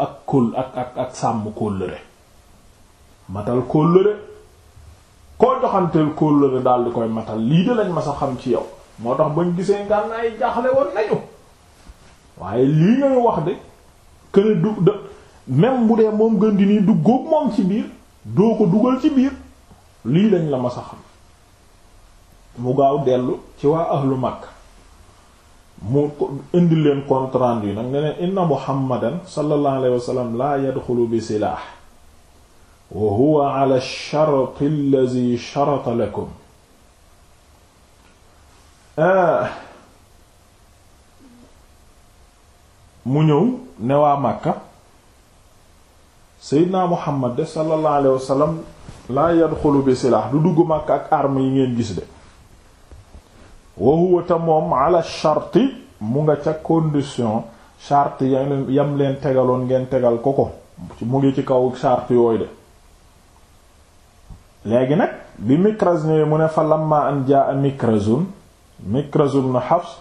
ak kóll ak ak sàmm kóllëre matal kóllëre koo joxanteel kóllëre daal di koy matal lii de lañ mas a xam ci yow moo tax bañ gisee ngànnaay jaaxle woon nañu waaye lii ngay wax de këne du de même bu dee moom gën di nii du moom ci biir doo ko dugal ci biir lii lañ la ma a mu gaaw dellu ci waa ahlu Makka mu indi leen compte rendu nag ne leen inna muhammadan sallallahu alayhi laa yadxulu bi silaah wa huwa ala ash-shart alladhi sharata lakum ah. mu ñëw ne waa Makka seydina muhammad de sallallahu alayhi laa yadxulu bi silah du dugg màkk ak arme yi ngeen gis de wa huwa ta moom ala sharti mu nga ca condition charte yam leen tegaloon ngeen tegal ko ko mu ngi ci kaw charte yooyu de léegi nag bi Mikraz ñëwee mu ne fa lamma an jaa Mikrazun Mikraz ibn Hafs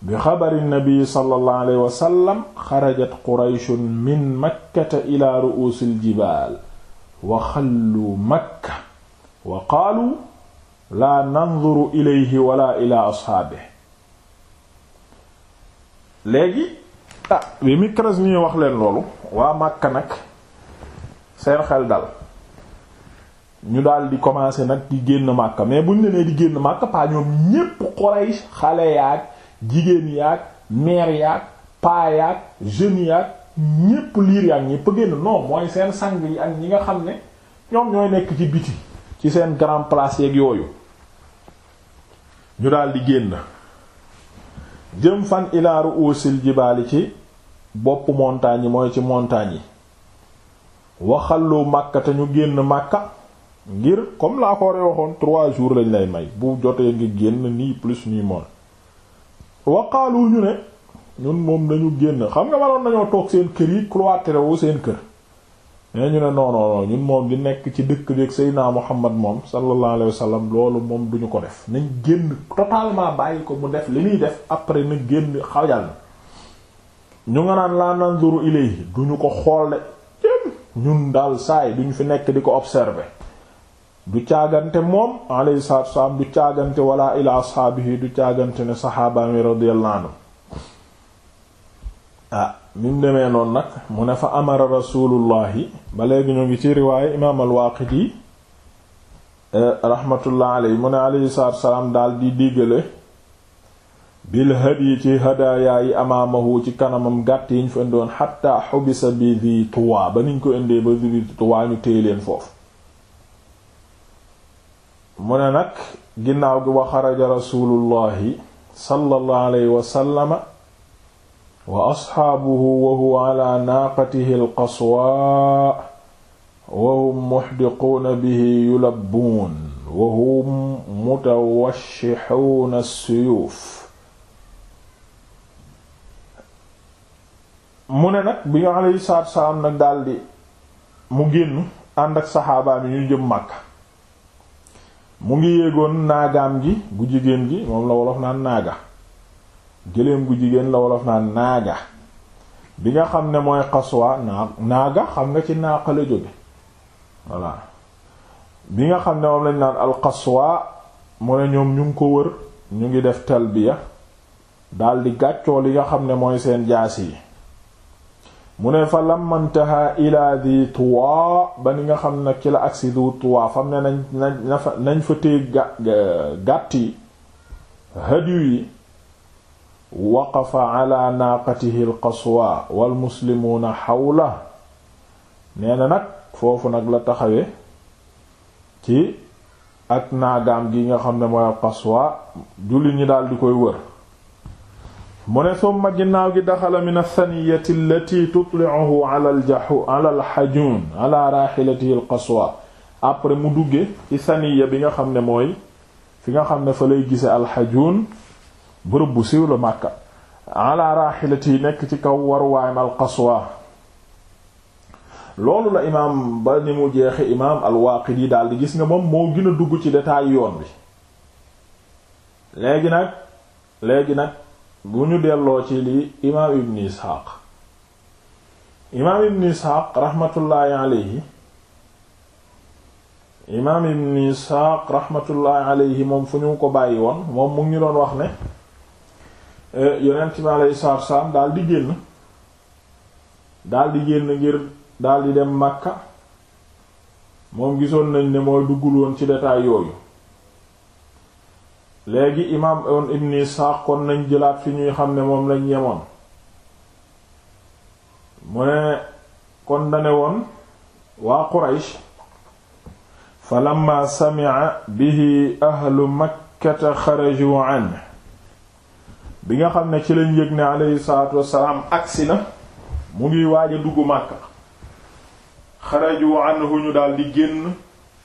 bi xabari nabi sallallahu alayhi wa xarajat Qurayshun min makkata ila ru'usil jibaal wa lu makka wa qaalu laa nanzuru ilayhi wala ila asxaabihi léegi ah bi mikras nii wax leen loolu waa màkka nag seen xel dal ñu daal di commencer nag di génn màkka mais buñ ne nee di génn màkka paa ñoom ñépp Quraysh xale yaag jigéen yaag mère yaag paa yaag jeune yaag ñépp liir yi ak ñépp a génn non mooy seen sang yi ak ñi nga xam ne ñoom ñooy nekk ci biti ci seen grand place yeeg yooyu ñu daal di génn jëm fan ila ru'usil jibaali ci boppu montagne yi mooy ci montagne yi waxallu màkka te ñu génn màkka ngir comme laa ko waxoon trois jours lañ lay may bu jotee nga génn nii plus nii moon waqaalu ñu ne ñun moom dañu génn xam nga waroon nañoo toog seen kër yi cloîtré wu seen kër mais ñu ne non ñun moom di nekk ci dëkk bi ak Seydina Muhammad moom sallallahu alayhi wa sallam loolu moom duñu ko def nañ génn totalement bàyyi ko mu def li muy def après na génn xajal ñu nga naan laa nanzuru ilayhi duñu ko xool ñun daal saay duñu fi nekk di ko observer du caagante moom alayhi salaatu wa salaam du caagante wala ila ashaabihi du caagante ne saxaabaami radiyallahu anhu ah mi demee noon nag mu ne fa amara rasulullahi ba léegi ñu ngi ci riwaaye imaam al-Waaqidi eh, rahmatullah alayhi mu ne alayhi salaatu salaam daal di diggale bil hadyi ci hadaaya yi amaamahu ci kanamam gàtt yi ñu fa indoon xatta xubisa bi di tuwaa ba niñ ko indee ba di tuwaa ñu téye leen foofu mu ne nag ginnaaw gi wa xaraja rasulullahi sallallahu alayhi wa sallama wa asxaabuhu wa huwa ala naaqatihi alqaswaa wa hum muxdiquuna bihi yulabbuun wa hum mutawashixuuna assuyuuf mu ne nag bi ñu alayhi salaatu wasalaam nag daldi mu génn ànd ak saxaabaa mi ñu jëm Makka mu ngi yéegoon naagaam gi gu jigéen gi moom la wolof naan naaga gëléem gu jigéen la wolof naa naaga bi nga xam ne mooy xaswa naa naaga xam nga ci naaqa la jóge voilà bi nga xam ne moom lañ naan alxaswa mu ne ñoom ñu ngi ko wër ñu ngi def talbiya daldi gàccoo li nga xam ne mooy seen jaas yi mu ne fa lamantaha ila di tuwa ba ni nga xam nag ci la agsi du tuwa fam ne nañ nañ fa gàtt yi hadiyu yi waqafa wa naaqatihi alqaswa walmuslimuuna xawla nee na nag foofu nag la taxawee ci ak naagaam gi nga xam ne mooy alqaswa julli ñi daal di koy wër mu ne summa ginnaaw gi daxala min alsaniyati allati tutlicuhu ala aljaxu ala alxajun ala raaxilatihi alqaswa après mu dugge ci saniya bi nga xam ne mooy fi nga xam ne fa lay gise alxajun bërëb bu siiw la Makka ala rahilati nekk ci kaw waruwaayam alqaswa loolu la imaam ba ni mu jeexe imaam al-Waaqidi daal di gis nga moom moo gën a dugg ci détail yoon bi léegi nag léegi nag bu ñu delloo ci li imaam Ibn Isxaaq imaam Ibn Isxaaq raxmatullaahi alayhi imaam Ibn Isxaaq raxmatullaahi alayhi moom fu ñu ko bàyyi woon moom mu ngi doon wax ne Euh, yonent mi alayhi daal di génn daal di génn ngir daal di dem Makka moom gisoon nañ ne mooy duggul woon ci détail yooyu léegi imaam on Ibn Isaaq kon nañ jëlaat fi ñuy xam ne moom lañ yemoon mu ne kon dane woon waa Quraysh falamma sami'a bihi ahlu makkata xaraju anhu bi nga xam ne ci lañ yëg ne aleyhi salaatu wassalaam agsi na mu ngi waaj a dugg Makka xaraju anhu ñu daal di génn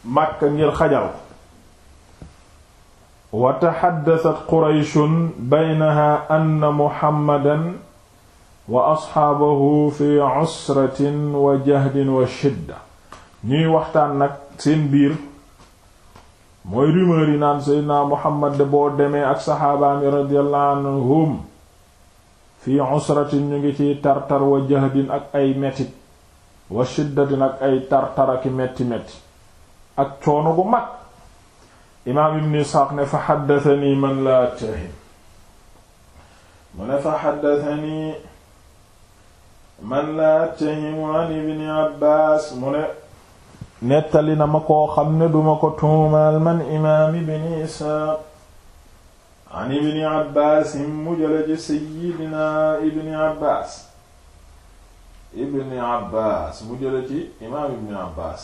Makka ngir xajal ko wa taxaddasat qurayshun baynaha anna muhammadan wa asxaabahu fi usratin wa jahdin wa shidda ñuy waxtaan nag seen biir mooy rumeur yi naan seydina muhammad de boo demee ak saxaabaami radiyallahu fi usratin ngi ciy tartar wa jahdin ak ay metit wa shiddatin ak gu mag imaam ibn isxaaq ne fa xaddatani man laa tahim mu ne fa abbaas mu ne nettali na ma koo xam ne duma ko tuumaal man imaam ibni isaaq an ibni abbaas mu jële ibni abbaas mu jële ci imaam ibni abbaas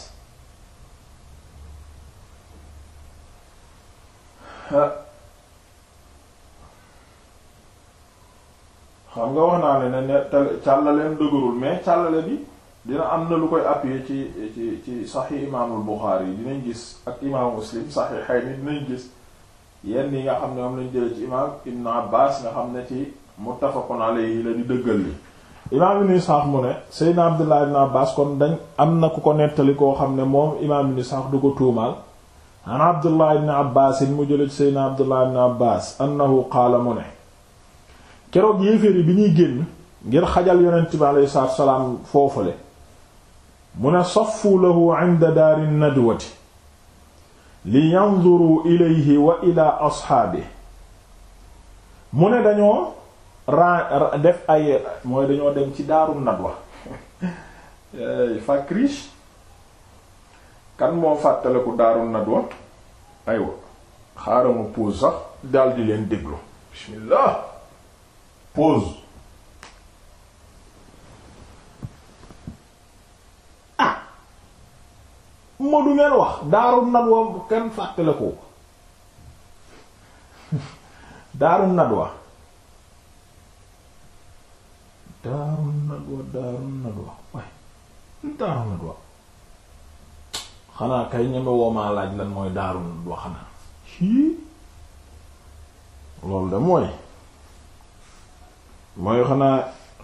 xam nga wax naa ne ne càllaleen dëgërul mais càllale bi dina am na lu koy appuyer ci ci ci saxi imaamul Buxaari yi dinañ gis ak imaamu Muslim saxiixay ni dinañ gis yenn yi nga xam ne moom lañ jëlee ci imaam Ibn Abbaas nga xam ne ci muttafaqun alayhi la di dëggal li imaam Ibn Isxaaq mu ne Seydina Abdullah Ibn Abbaas kon dañ am na ku ko nettali koo xam ne moom imaam Ibn Isxaaq du ko tuumaal an Abdullah Ibn Abbaas mu jële ci Seydina Abdullah Ibn Abbaas annahu qaala mu ne keroog yéeféer yi bi ñuy génn ngir xajal yonent bi alayhi salaatu wa salaam foofale mu ne saffu lahu inda daari nadwati li yanzuru ilayhi wa ila asxaabi mu ne dañoo raa def ay mooy dañoo dem ci daaru nadwa fakrish kan moo fàttaleku daaru nadwa aywa xaaral ma pause sax daldi leen déglu bismillah pause ma du ngeen wax daarum nadwa kenn fàttale ko daarum nadwa daarum nadwa daarum nadwa waay daarum nadwa xanaa kay ñeme woomaa laaj lan mooy daarum nadwa xanaa loolu de mooy mooy xanaa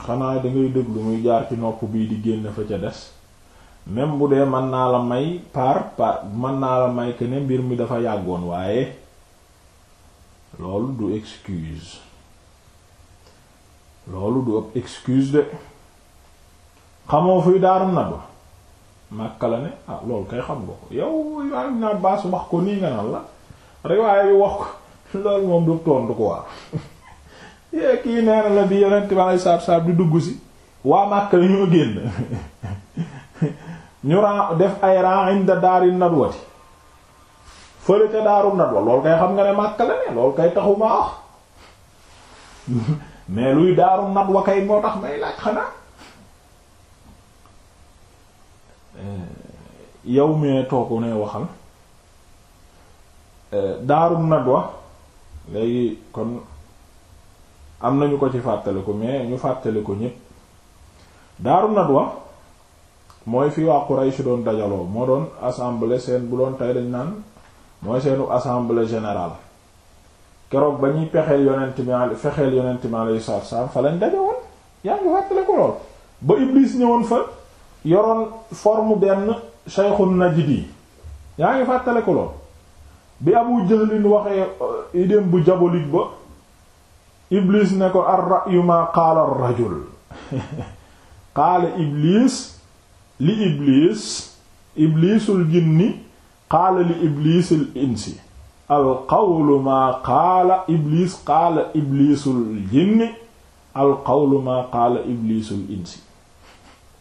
xanaa dangay déglu muy jaar ci nopp bii di génn fa ca des même bu dee mën naa la may par par mën naa la may que ne mbir mi dafa yàggoon waaye loolu du excuse loolu du ëpp excuse de xamoo fuy daaru na ba Makka la ne ah, loolu kay xam nga ko yow yaa ngi naan baas wax ko nii nga naan la riwaay wax ko loolu moom du tontu ko waa kii nee la bi yeneen tubaab yi saab saab di dugg si waa Makka la ñoo génn. ñu raa def ay raa inda daari nadwati fële daaru nadwa loolu kay xam nga ne màkk la ne loolu kay taxu ma wax mais luy daaru nadwa kay moo tax may laaj xanaa eh, yow mee toogu ne waxal eh, daaru nadwa léegi kon am nañu ko ci fàttaliku mais ñu fàttaliku ñépp daaru nadwa mooy fi waa si doon dajaloo moo doon assemblée seen bu doon tey dañ naan mooy seenu assemblée général keroog ba ñuy pexeel yonent bi fexeel yonent bi alayhi salaatu salaam fa lañ daje woon yaa ngi fàttale ko lool ba Iblis ñëwoon fa yoroon forme benn Shaykhun Najdi yaa ngi fàttale ko lool bi Abu Jahlin waxee euh, idem bu diabolique ba Iblis ne ko ar-ra'yu ma rajul qaala Iblis li ibliis ibliisul jinni qaala li ibliisil insi alqawlu maa qaala ibliis qaala ibliisul jinni alqawlu maa qaala ibliisul insi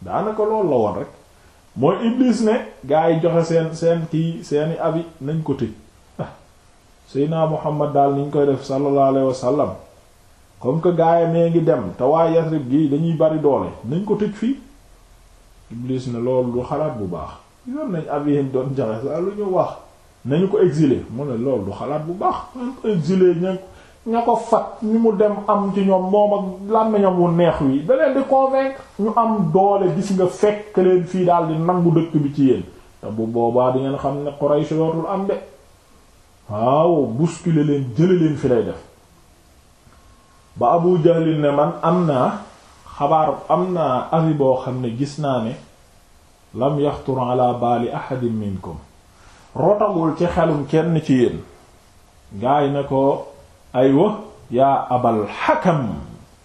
daanaka loolu la woon rek mooy ibliis ne gaa yi joxe seen seen kii seeni abi nañ ko tëj ah. seydna muhammad daal niñ koy def sallallahu alayhi wasallam comme que gaayam ee ngi dem te waa yasrib gi dañuy bari doole nañ ko tëj fii Iblis ne loolu du xalaat bu baax yoon nañ abihim doon jaxe saa lu ñu wax nañu ko exile mu ne loolu du xalaat bu baax nañ ko exiler ña ña ko fat ñu mu dem am ci ñoom moom ak làmmiñam wu neex wi da leen di convaincre ñu am doole gis nga fekk leen fii daal di nangu dëkk bi ci yéen te bu boobaa di ngeen xam ne Quraysh dootul am de waaw bousculer leen jële leen fi lay def ba Abu ne man am naa xabaar am na avi boo xam ne gis naa ne lam yaxtur ala baali ahadin minkum rotagul ci xelum kenn ci yéen gaa ne ko aywa yaa abal xakam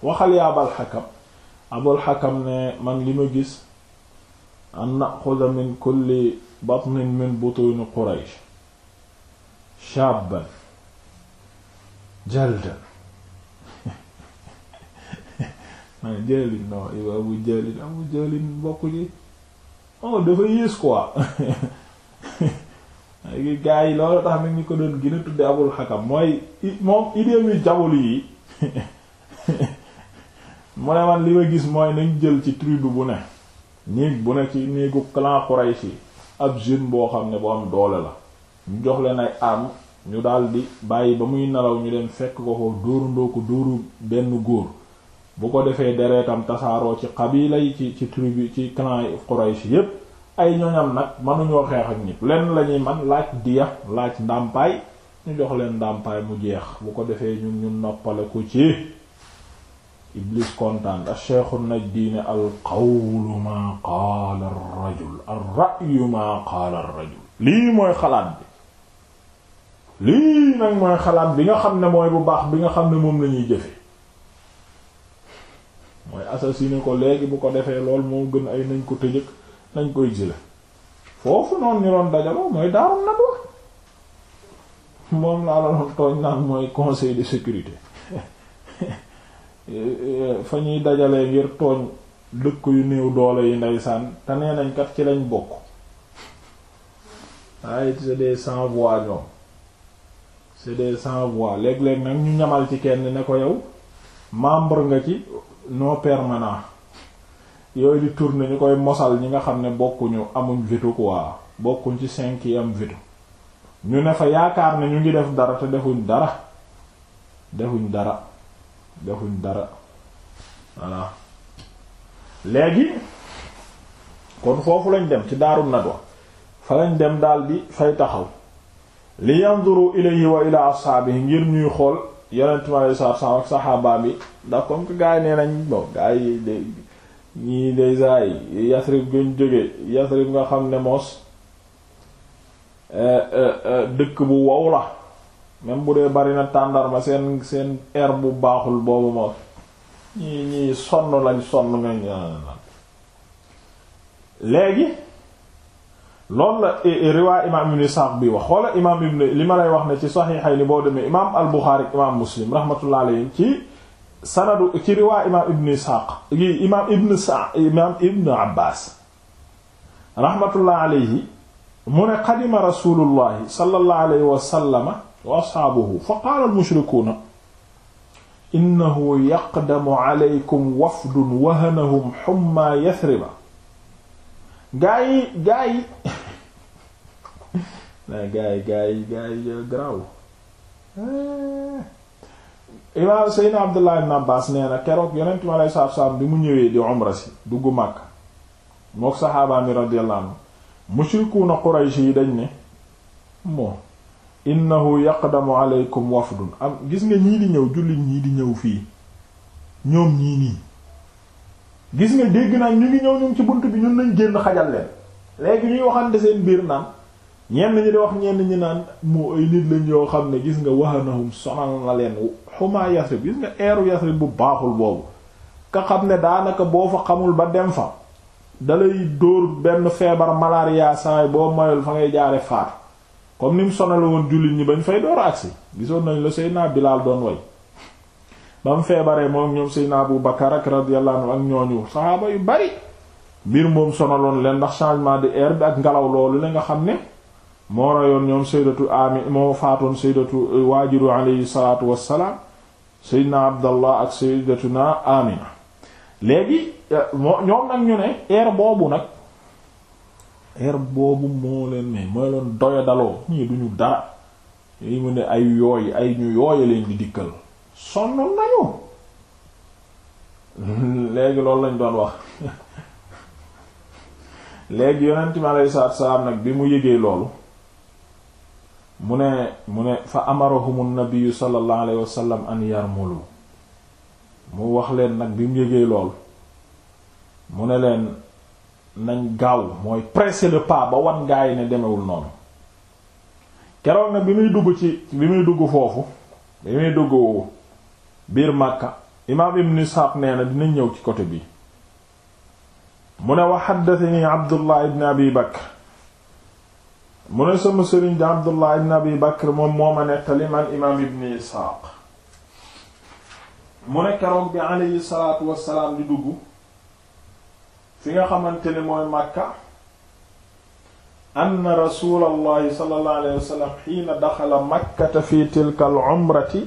waxal yaa abal xakam abul xakam ne man li ma gis an naxuda min kulli batnin min butuni quraysh shaban jaldan ma ne jëlin non abu jëlin abu ah, jëlin bokk ji oh dafa yées quoi léegi gars yi loolu tax nag ñu ko doon gën a tudde abul xakam mooy moom idée mi jabul yi mu ne man li ma gis mooy nañ jël ci tribu bu ne néeg bu ne ci néegu clan Quraysh yi ab jeune boo xam ne bu am doole la ñu jox leen ay armes ñu daldi bàyyi ba muy nelaw ñu dem fekk ko foofu dóorandoo ko dóoru benn góor bu ko defee dereetam tasaaroo ci xabila yi ci ci tribu ci clan Quraysh yépp ay ñoñam nag mënuñoo xeex ak ñépp lenn lañuy man laaj diya laaj ndàmpaay ñu jox leen ndàmpaay mu jeex bu ko defee ñun ñu noppale ko ci iblis kontaan a nag najdiine al qawlu maa qaala ar rajul ar ra'yu maa qaala ar rajul lii mooy xalaat bi lii nag mooy xalaat bi nga xam ne mooy bu baax bi nga xam ne moom lañuy jëfe assassiné ko léegi bu ko defee lool moo gën ay nañ ko tëjëk nañ koy exilé foofu noonu ñu doon dajaloo mooy daarum nag moom laa la tooñ naan mooy conseil de sécurité fa ñuy dajalee ngir tooñ dëkk yu néew doole yi ndeysaan te nee nañ kat ci lañ bokk waaye c'est des sans voix ñoom c'est des sans voix léeg-léeg nag ñu ñamal ci kenn ne ko yow membre nga ci non permanant yooyu di tourner ñu koy mosal ñi nga xam ne bokkuñu amuñ veto quoi bokkuñ ci cinq yi am veto ñu ne fa yaakaar ne ñu ngi def dara te defuñ dara defuñ dara defuñ dara voilà léegi kon foofu lañ dem ci daaru nadwa fa lañ dem daal di fay taxaw li yanzuru ilayhi wa ila ashaabihi ngir ñuy xool yonent mi alei satu salaam ak saxaabaam yi ndax comme que gars yi nee nañ bon gars yi day ñii day saay Yasrib guñ jóge Yasrib nga xam ne moos eh, eh, eh, dëkk bu wow la même bu dee bari na tàndarma seen seen air bu baaxul boobu moos ñii ñii sonn lañ sonn ngañ ah, ah, ah. léegi loolu la eh, eh, riwaay imaam ibn Sa'd bi wax xoola imaam ibn li ma lay wax ne ci saxiixay ni boo demee imaam al-Buxaari imaam Muslim rahmatullah alayhim ci sanadu ci riwaay imaam ibn Isxaaq imaam ibn Sa'd imaam ibn Abbaas rahmatullah alayhi mu ne qadima rasulullahi sallallahu alayhi wa sallama wa asxaabuhu fa qaala al-mushrikuuna innahu yaqdamu alaykum wafdun wahanahum hummaa Yathriba gaa yi gaa yi mais gars yi gars yi gars yi euh, graw eh. imaam Seydina Abdullah ibn Abbas nee na keroog yonent mi alei satu salaam bi mu ñëwee di umra si dugg Makka mook saxaaba mi radiyallahu na mushrikuuna yi dañ ne moo innahu yaqdamu aleykum wafdun am gis nga ñii di ñëw jullit ñii di ñëw fii ñoom ñii nii gis nga dégg naa ñu ngi ñëw ñun ci bunt bi ñun nañ génn xajal leen léegi ñuy waxante seen biir naan ñenn ñi di wax ñenn ñi naan moo ay nit lañ yoo xam ne gis nga wahanahum sonal na leen xumaa bi gis nga eeru Yasrib bu baaxul boobu ka xam ne daanaka boo fa xamul ba dem fa dalay dóor benn feebar malaria saay boo mayul fa ngay jaare faatu comme ni mu sonal woon jullit ñi bañ fay door agsi gisoon nañ la Seydina Bilaal doon way ba mu feebaree moom ñoom Seydina Abu Bakar ak radiyallahu anhu ak ñooñu saxaaba yu bari mbir moom sonaloon leen ndax changement de air ngelaw loolu la nga xam ne moo rayoon ñoom saydatu ami moo faatoon saydatu eh, waajiru aleyhi salaatu wassalaam saydna amina léegi eh, ñoom nag ñu ne eer boobu nag eer boobu moo leen mooy leen doya ñii duñu dara yi mu ne ay yooy ay ñu yooya leen di dikkal sonn nañu léegi loolu lañ doon wax léegi yonent mi aleyhi salaatu wassalaam nag bi mu yëgee loolu mu ne mu ne fa amarahum nabiyu sallallahu alayhi wasallam an yarmulu mu wax leen nag bi mu yégee lool mu ne leen nañ gaaw mooy presser le pas ba wan gaa yi ne demewul noonu keroog na bi muy dugg ci bi muy dugg foofu bi muy dugg biir Makka imaam ibn Isxaaq nee na dinañ ñëw ci côté bi mu ne wa haddathani Abdullah ibn Abi Bakr mu ne sama sëriñ di abdullah ibn abi bakr moom moo ma nettali man imaam ibn isxaaq mu ne keroog bi aleyhi salaatu wassalaam di dugg fi nga xamante ne mooy màkka anna rasulallahi sallallahu alayhi wasallam xiina daxala makkata fi tilka al umrati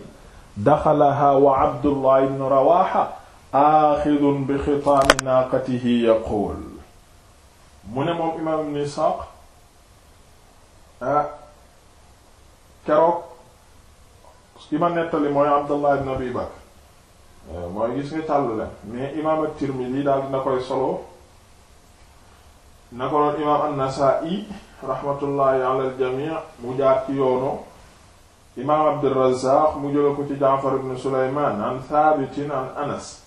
daxalaha wa abdullah ibn rawaxa aaxidun bi xitaami naaqatihi yaquul mu ne moom imaam ibn isxaaq Ah. keroog ki ma nettali mooy Abdallah ibn Abi Bakr eh, mooy gis nga càll leen mais imaam at-Tirmidhi daal dina koy solo na ko noon imaam an-Nasa'i rahmatullahi al-jami' mu jaar ci yoonu imaam Abdurrazzaq mu jëla ko ci Ja'far ibn Sulayman an Thabitin an Anas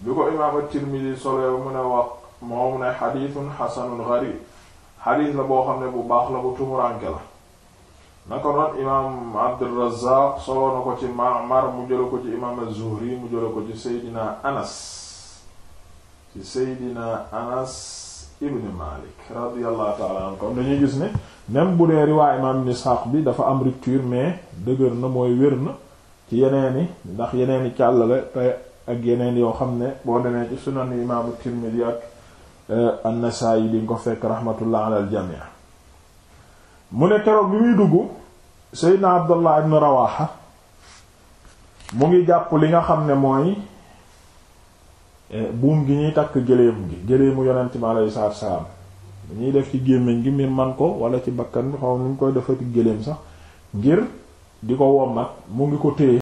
bi ko imaam at solo mu ne wax moom ne xadiisun xasanun gharib xadiis la boo xam ne bu baax la bu tumuranke la naka noon imaam Abdurrazaaq soloo na ko ci Ma'mar mu jëla ko ci imaam az mu jëla ko ci Seydina Anas ci Seydina Anas ibn Malik radiyallahu ta'ala kon dañuy gis ne même bu dee riwaay imaam Ibn bi dafa am rupture mais dëgër na mooy wér na ci yeneeni ndax yeneeni càllale te ak yeneen yoo xam ne boo demee ci sunan imaamu Tirmidi ak Euh, an-Nasaa'i di nga ko fekk rahmatullah ala al mu ne keroog bi muy dugg Seydina Abdallah ibn Rawaha mu ngi jàpp li nga xam ne mooy eh, buum gi ñuy takk gëléem gi gëléemu yonent mi alayhi salaatu salaam ñuy def ci gémmiñ gi mbir man ko wala ci bakkan bi xaw mu ñu koy defati gëléem sax ngir di ko wommat mu ngi ko téye